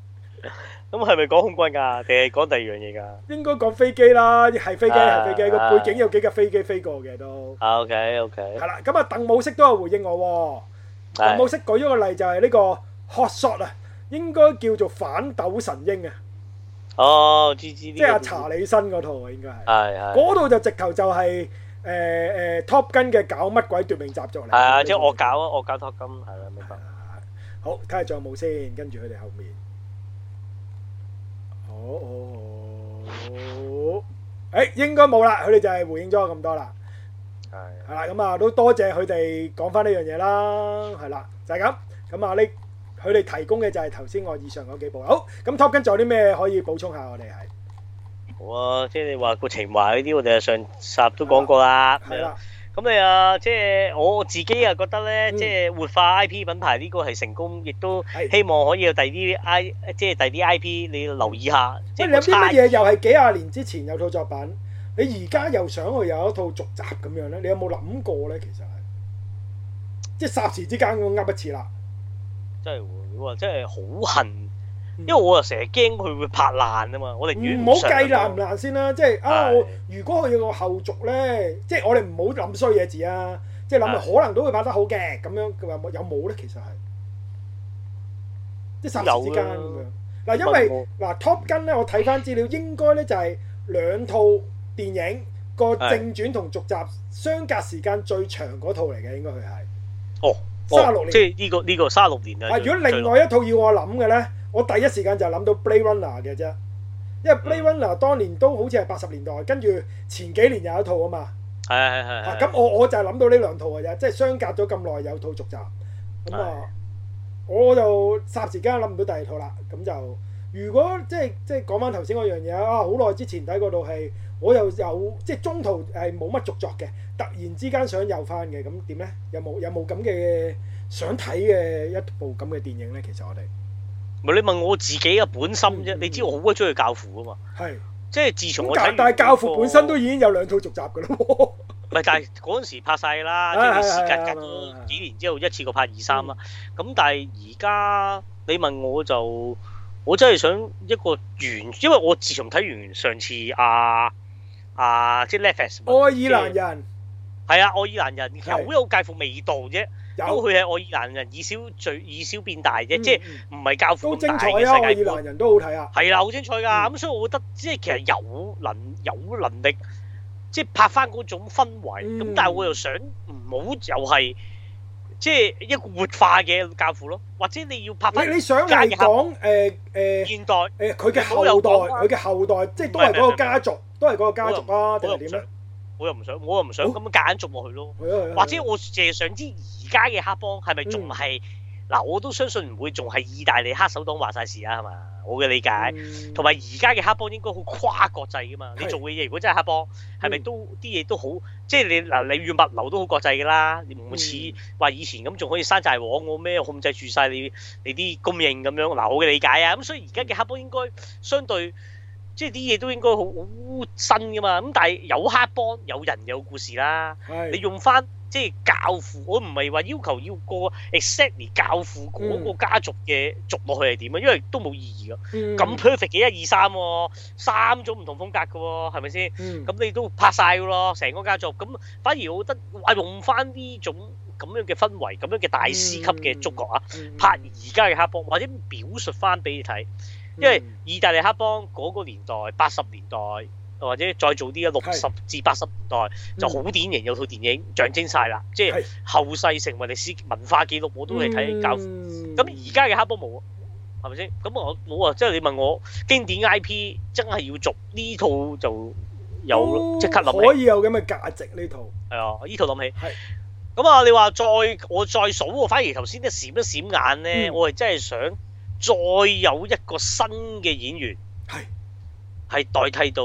咁係咪講空軍噶？定係講第二樣嘢噶？應該講飛機啦，係飛機，係飛機。個背景有幾架飛機飛過嘅都。OK OK。係啦，咁啊，鄧武飾都有回應我。鄧武飾舉咗個例就係呢個《Hot Shot》啊，應該叫做《反斗神鷹》啊。哦，知知。即係阿查理辛嗰套應該係。係係。嗰度就直頭就係。誒誒，Top Gun 嘅搞乜鬼《奪命雜作》嚟？係啊，即係惡搞咯，惡搞 Top Gun 係啦，明白。好，睇下仲有冇先，跟住佢哋後面。好好好，誒，應該冇啦，佢哋就係回應咗我咁多啦。係係啦，咁啊都多謝佢哋講翻呢樣嘢啦，係啦，就係咁。咁啊，你佢哋提供嘅就係頭先我以上嗰幾部。好，咁 Top Gun 仲有啲咩可以補充下？我哋係。好啊，即係你話個情懷呢啲，我哋上集都講過啦。係啦，咁你啊，即、就、係、是、我自己啊，覺得咧，即係、嗯、活化 I P 品牌呢個係成功，亦都希望可以有第啲 I，即係第啲 I P 你要留意下。你有啲乜嘢又係幾廿年之前有套作品，嗯、你而家又想去有一套續集咁樣咧？你有冇諗過咧？其實係，即係霎時之間咁噏一次啦。真係喎，你話真係好恨。因為我又成日驚佢會拍爛啊嘛，我哋唔好計爛唔爛先啦，即係是的 啊我，如果佢有個後續咧，即係我哋唔好諗衰嘢字啊，即係諗可能都會拍得好嘅，咁樣佢話有冇咧？其實係即係霎時間咁、啊、樣嗱，因為嗱問、啊、Top Gun 咧，我睇翻資料應該咧就係兩套電影個正傳同續集相隔時間最長嗰套嚟嘅，應該佢係哦三十六年，即係呢、呢個呢、呢個三十六年啊！如果另外一套要我諗嘅咧？我第一時間就諗到《Blade Runner》嘅啫，因為《Blade Runner》當年都好似係八十年代，跟住前幾年有一套嘛、嗯嗯、啊嘛。係係係。咁我我就諗到呢兩套嘅啫，即係相隔咗咁耐有套續集咁啊。我就霎時間諗唔到第二套啦。咁就如果即係即係講翻頭先嗰樣嘢啊，好耐之前睇嗰套戲，我又有即係中途係冇乜續作嘅，突然之間想又翻嘅咁點呢？有冇有冇咁嘅想睇嘅一部咁嘅電影呢？其實我哋。唔係你問我自己嘅本心啫、嗯，嗯、你知我好鬼中意教父噶嘛是？係，即係自從我睇、那個，但係教父本身都已經有兩套續集嘅啦。唔係，但係嗰陣時拍晒啦，即係時間隔咗幾年之後，一次過拍二三啦、嗯。咁、嗯、但係而家你問我就，我真係想一個完，因為我自從睇完上次阿、啊、阿、啊、即係 Netflix 愛爾蘭人，係啊，愛爾蘭人，其實好有教父味道啫。都佢係愛爾蘭人以小最以小變大啫，即係唔係教父咁大嘅世界觀。都精彩啊！愛爾蘭人都好睇啊。係啦，好精彩㗎。咁所以我覺得即係其實有能有能力即係拍翻嗰種氛圍咁，但係我又想唔好又係即係一個活化嘅教父咯，或者你要拍翻你想嚟講誒誒現代佢嘅後代，佢嘅後代即係都係嗰個家族，都係嗰個家族咯。我又唔想，我又唔想，我又唔想咁樣夾硬捉落去咯。或者我淨係想啲。而家嘅黑幫係咪仲係嗱？嗯、我都相信唔會仲係意大利黑手黨話晒事啊，係嘛？我嘅理解同埋而家嘅黑幫應該好跨國際噶嘛。是你做嘅嘢如果真係黑幫是是，係咪、嗯、都啲嘢都好？即、就、係、是、你嗱，你要物流都好國際噶啦。你唔似話以前咁，仲可以山寨王我咩控制住晒你你啲供應咁樣嗱。我嘅理解啊，咁所以而家嘅黑幫應該相對即係啲嘢都應該好好新噶嘛。咁但係有黑幫有人有故事啦。是你用翻。即係教父，我唔係話要求要個 exactly 教父嗰個家族嘅續落去係點啊？因為都冇意義㗎。咁 perfect 嘅一、二、三、哦，三種唔同風格嘅喎、哦，係咪先？咁、嗯、你都拍晒㗎咯，成個家族。咁反而我覺得，哇！用翻呢種咁樣嘅氛圍、咁樣嘅大師級嘅觸覺啊，嗯嗯、拍而家嘅黑幫，或者表述翻俾你睇。因為意大利黑幫嗰個年代，八十年代。或者再做啲啊，六十至八十年代就好典型，有套電影象徵晒啦，即係後世成為歷史文化記錄，我都嚟睇搞咁而家嘅黑波冇啊，係咪先？咁我冇啊，即係你問我經典 I P 真係要做呢套就有，即刻諗起可以有咁嘅價值呢套。係啊，呢套諗起。係。咁啊，你話再我再數，反而頭先一閃一閃眼咧，我係真係想再有一個新嘅演員係代替到，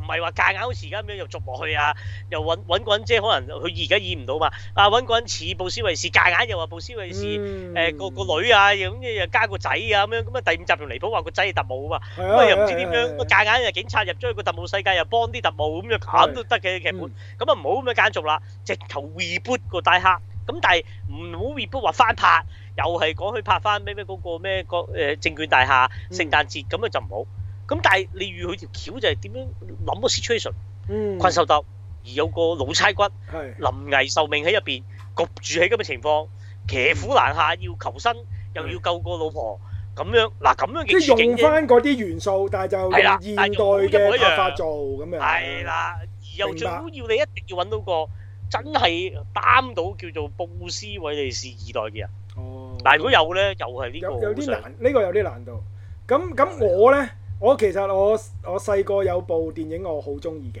唔係話夾硬好似而家咁樣又續落去啊，又揾揾個人啫，可能佢而家演唔到嘛？啊，揾個人似布斯維斯，夾硬又話布斯維斯，誒個個女啊，咁即又加個仔啊咁樣，咁啊第五集仲離譜，話個仔特務啊嘛，咁乜又唔知點樣，乜夾硬又警察入咗去個特務世界，又幫啲特務，咁又咁都得嘅劇本。咁啊唔好咁樣間續啦，直頭 reboot 個大客。咁但係唔好 reboot 話翻拍，又係講佢拍翻咩咩嗰個咩個誒證券大廈聖誕節，咁啊就唔好。咁但係你遇佢條橋就係點樣諗個 situation，困獸鬥，而有個老差骨，臨危受命喺入邊，焗住喺咁嘅情況，騎虎難下要求生，又要救個老婆，咁樣嗱咁樣嘅，即係用翻嗰啲元素，但係就現代嘅拍法做咁樣，係啦，而又最好要你一定要揾到個真係擔到叫做布斯威利士二代嘅人，哦，但係如果有咧，又係呢個有有啲難，呢個有啲難度，咁咁我咧。我其實我我細個有部電影我好中意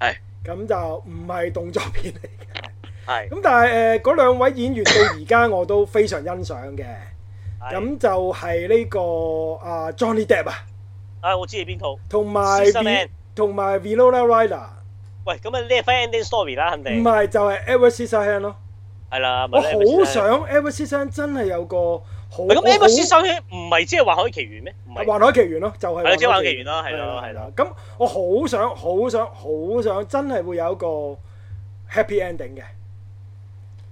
嘅，咁就唔係動作片嚟嘅，咁但係誒嗰兩位演員到而家我都非常欣賞嘅，咁就係呢個啊 Johnny Depp 啊，啊我知你邊套，同埋《Silent》，同埋《Winona Ryder》。喂，咁啊，呢一翻 ending story 啦，唔係就係《Ever Since I Hand》咯，係啦，我好想《Ever Since》真係有個。咁 Emma C 收尾唔係即係幻海奇緣咩？唔係幻海奇緣咯，就係幻海奇緣咯，係啦係啦。咁我好想好想好想真係會有一個 happy ending 嘅。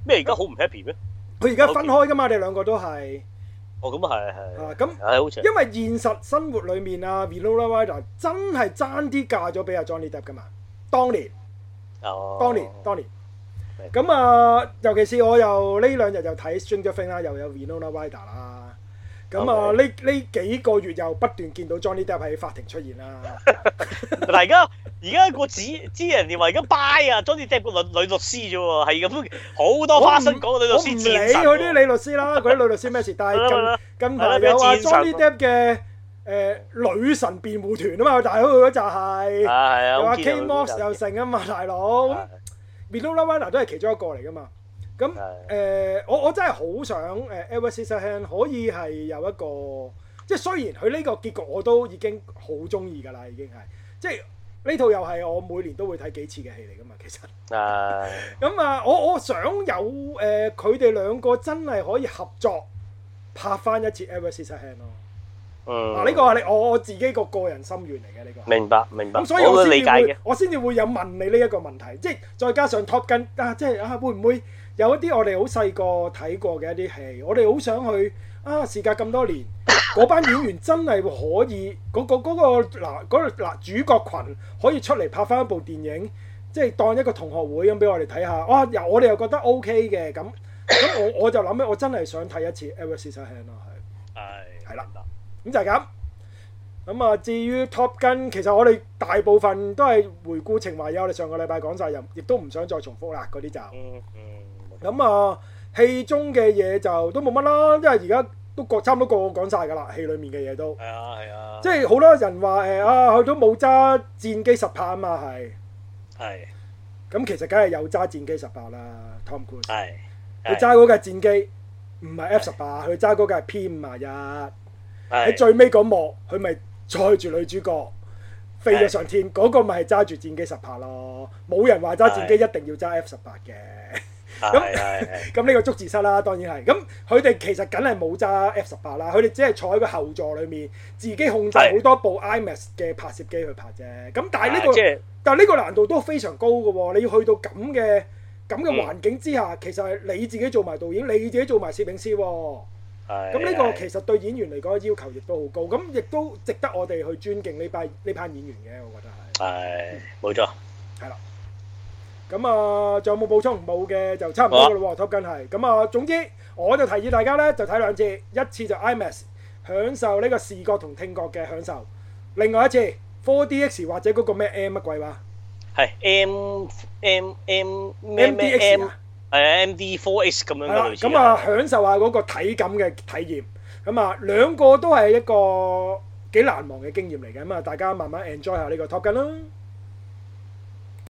咩而家好唔 happy 咩？佢而家分開噶嘛，你哋兩個都係。哦，咁係係。啊，咁，因為現實生活裏面啊 Winona Ryder 真係爭啲嫁咗俾阿 Johnny Depp 噶嘛，當年。哦。當年，當年。咁啊，尤其是我又呢兩日又睇 Stranger Things 啦，又有 Winona Ryder 啦，咁啊呢呢幾個月又不斷見到 Johnny Depp 喺法庭出現啦。嗱，而家而家個指，啲人哋話而家 buy 啊，Johnny Depp 個女律師啫喎，係咁好多花生講女律師戰神。我唔理佢啲女律師啦，嗰啲女律師咩事？但係近近排有話 Johnny Depp 嘅誒女神辯護團啊嘛，大係佢嗰集係又話 Knox 又成啊嘛，大佬。《Midnight Runner》都係其中一個嚟噶嘛，咁誒的、呃，我我真係好想誒、呃，《Ever Sister Hand》可以係有一個，即係雖然佢呢個結局我都已經好中意㗎啦，已經係，即係呢套又係我每年都會睇幾次嘅戲嚟噶嘛，其實。啊的。咁啊， *laughs* 我我想有誒，佢哋兩個真係可以合作拍翻一次《Ever Sister Hand》咯。嗱呢個係我我自己個個人心願嚟嘅呢個。明白，明白。咁所以我先至會，我先至會有問你呢一個問題，即係再加上 Top Gun 啊，即係啊，會唔會有一啲我哋好細個睇過嘅一啲戲，我哋好想去啊，時隔咁多年，嗰班演員真係可以，嗰嗰個嗱嗰嗱主角群可以出嚟拍翻一部電影，即係當一個同學會咁俾我哋睇下，哇！我哋又覺得 OK 嘅，咁咁我我就諗咧，我真係想睇一次《Ever Since Hand》，係，係啦。就係咁，咁、嗯、啊至於 Top Gun，其實我哋大部分都係回顧情懷有我哋上個禮拜講晒，又亦都唔想再重複啦。嗰啲就，咁啊戲中嘅嘢就都冇乜啦，因為而家都差個差唔多個個講晒噶啦，戲裏面嘅嘢都係啊係啊，啊即係好多人話誒啊，佢都冇揸戰機十拍啊嘛係係，咁是其實梗係有揸戰機十八啦，湯哥係，佢揸嗰架戰機唔係 F 十八是，佢揸嗰架係 P 五十一。喺最尾嗰幕，佢咪載住女主角飛咗上天，嗰的個咪係揸住戰機實拍咯。冇人話揸戰機一定要揸 F 十八嘅。咁咁呢個捉字蝨啦，當然係。咁佢哋其實梗係冇揸 F 十八啦，佢哋只係坐喺個後座裏面，自己控制好多部 IMAX 嘅拍攝機去拍啫。咁的但係、這、呢個，的但係呢個難度都非常高嘅喎。你要去到咁嘅咁嘅環境之下，嗯、其實係你自己做埋導演，你自己做埋攝影師喎。咁呢個其實對演員嚟講要求亦都好高，咁亦都值得我哋去尊敬呢班呢班演員嘅，我覺得係。係，冇錯。係啦。咁啊，仲有冇補充？冇嘅就差唔多噶咯喎，Top Gun 係。咁啊，總之我就提議大家咧，就睇兩次，一次就 IMAX，享受呢個視覺同聽覺嘅享受。另外一次 4DX 或者嗰個咩 M 乜鬼話？係 M M M 咩咩 M？誒，M D Four S 咁樣嘅類。咁啊，享受下嗰個體感嘅體驗。咁啊，兩個都係一個幾難忘嘅經驗嚟嘅。咁啊，大家慢慢 enjoy 下呢個 Top Gun 啦。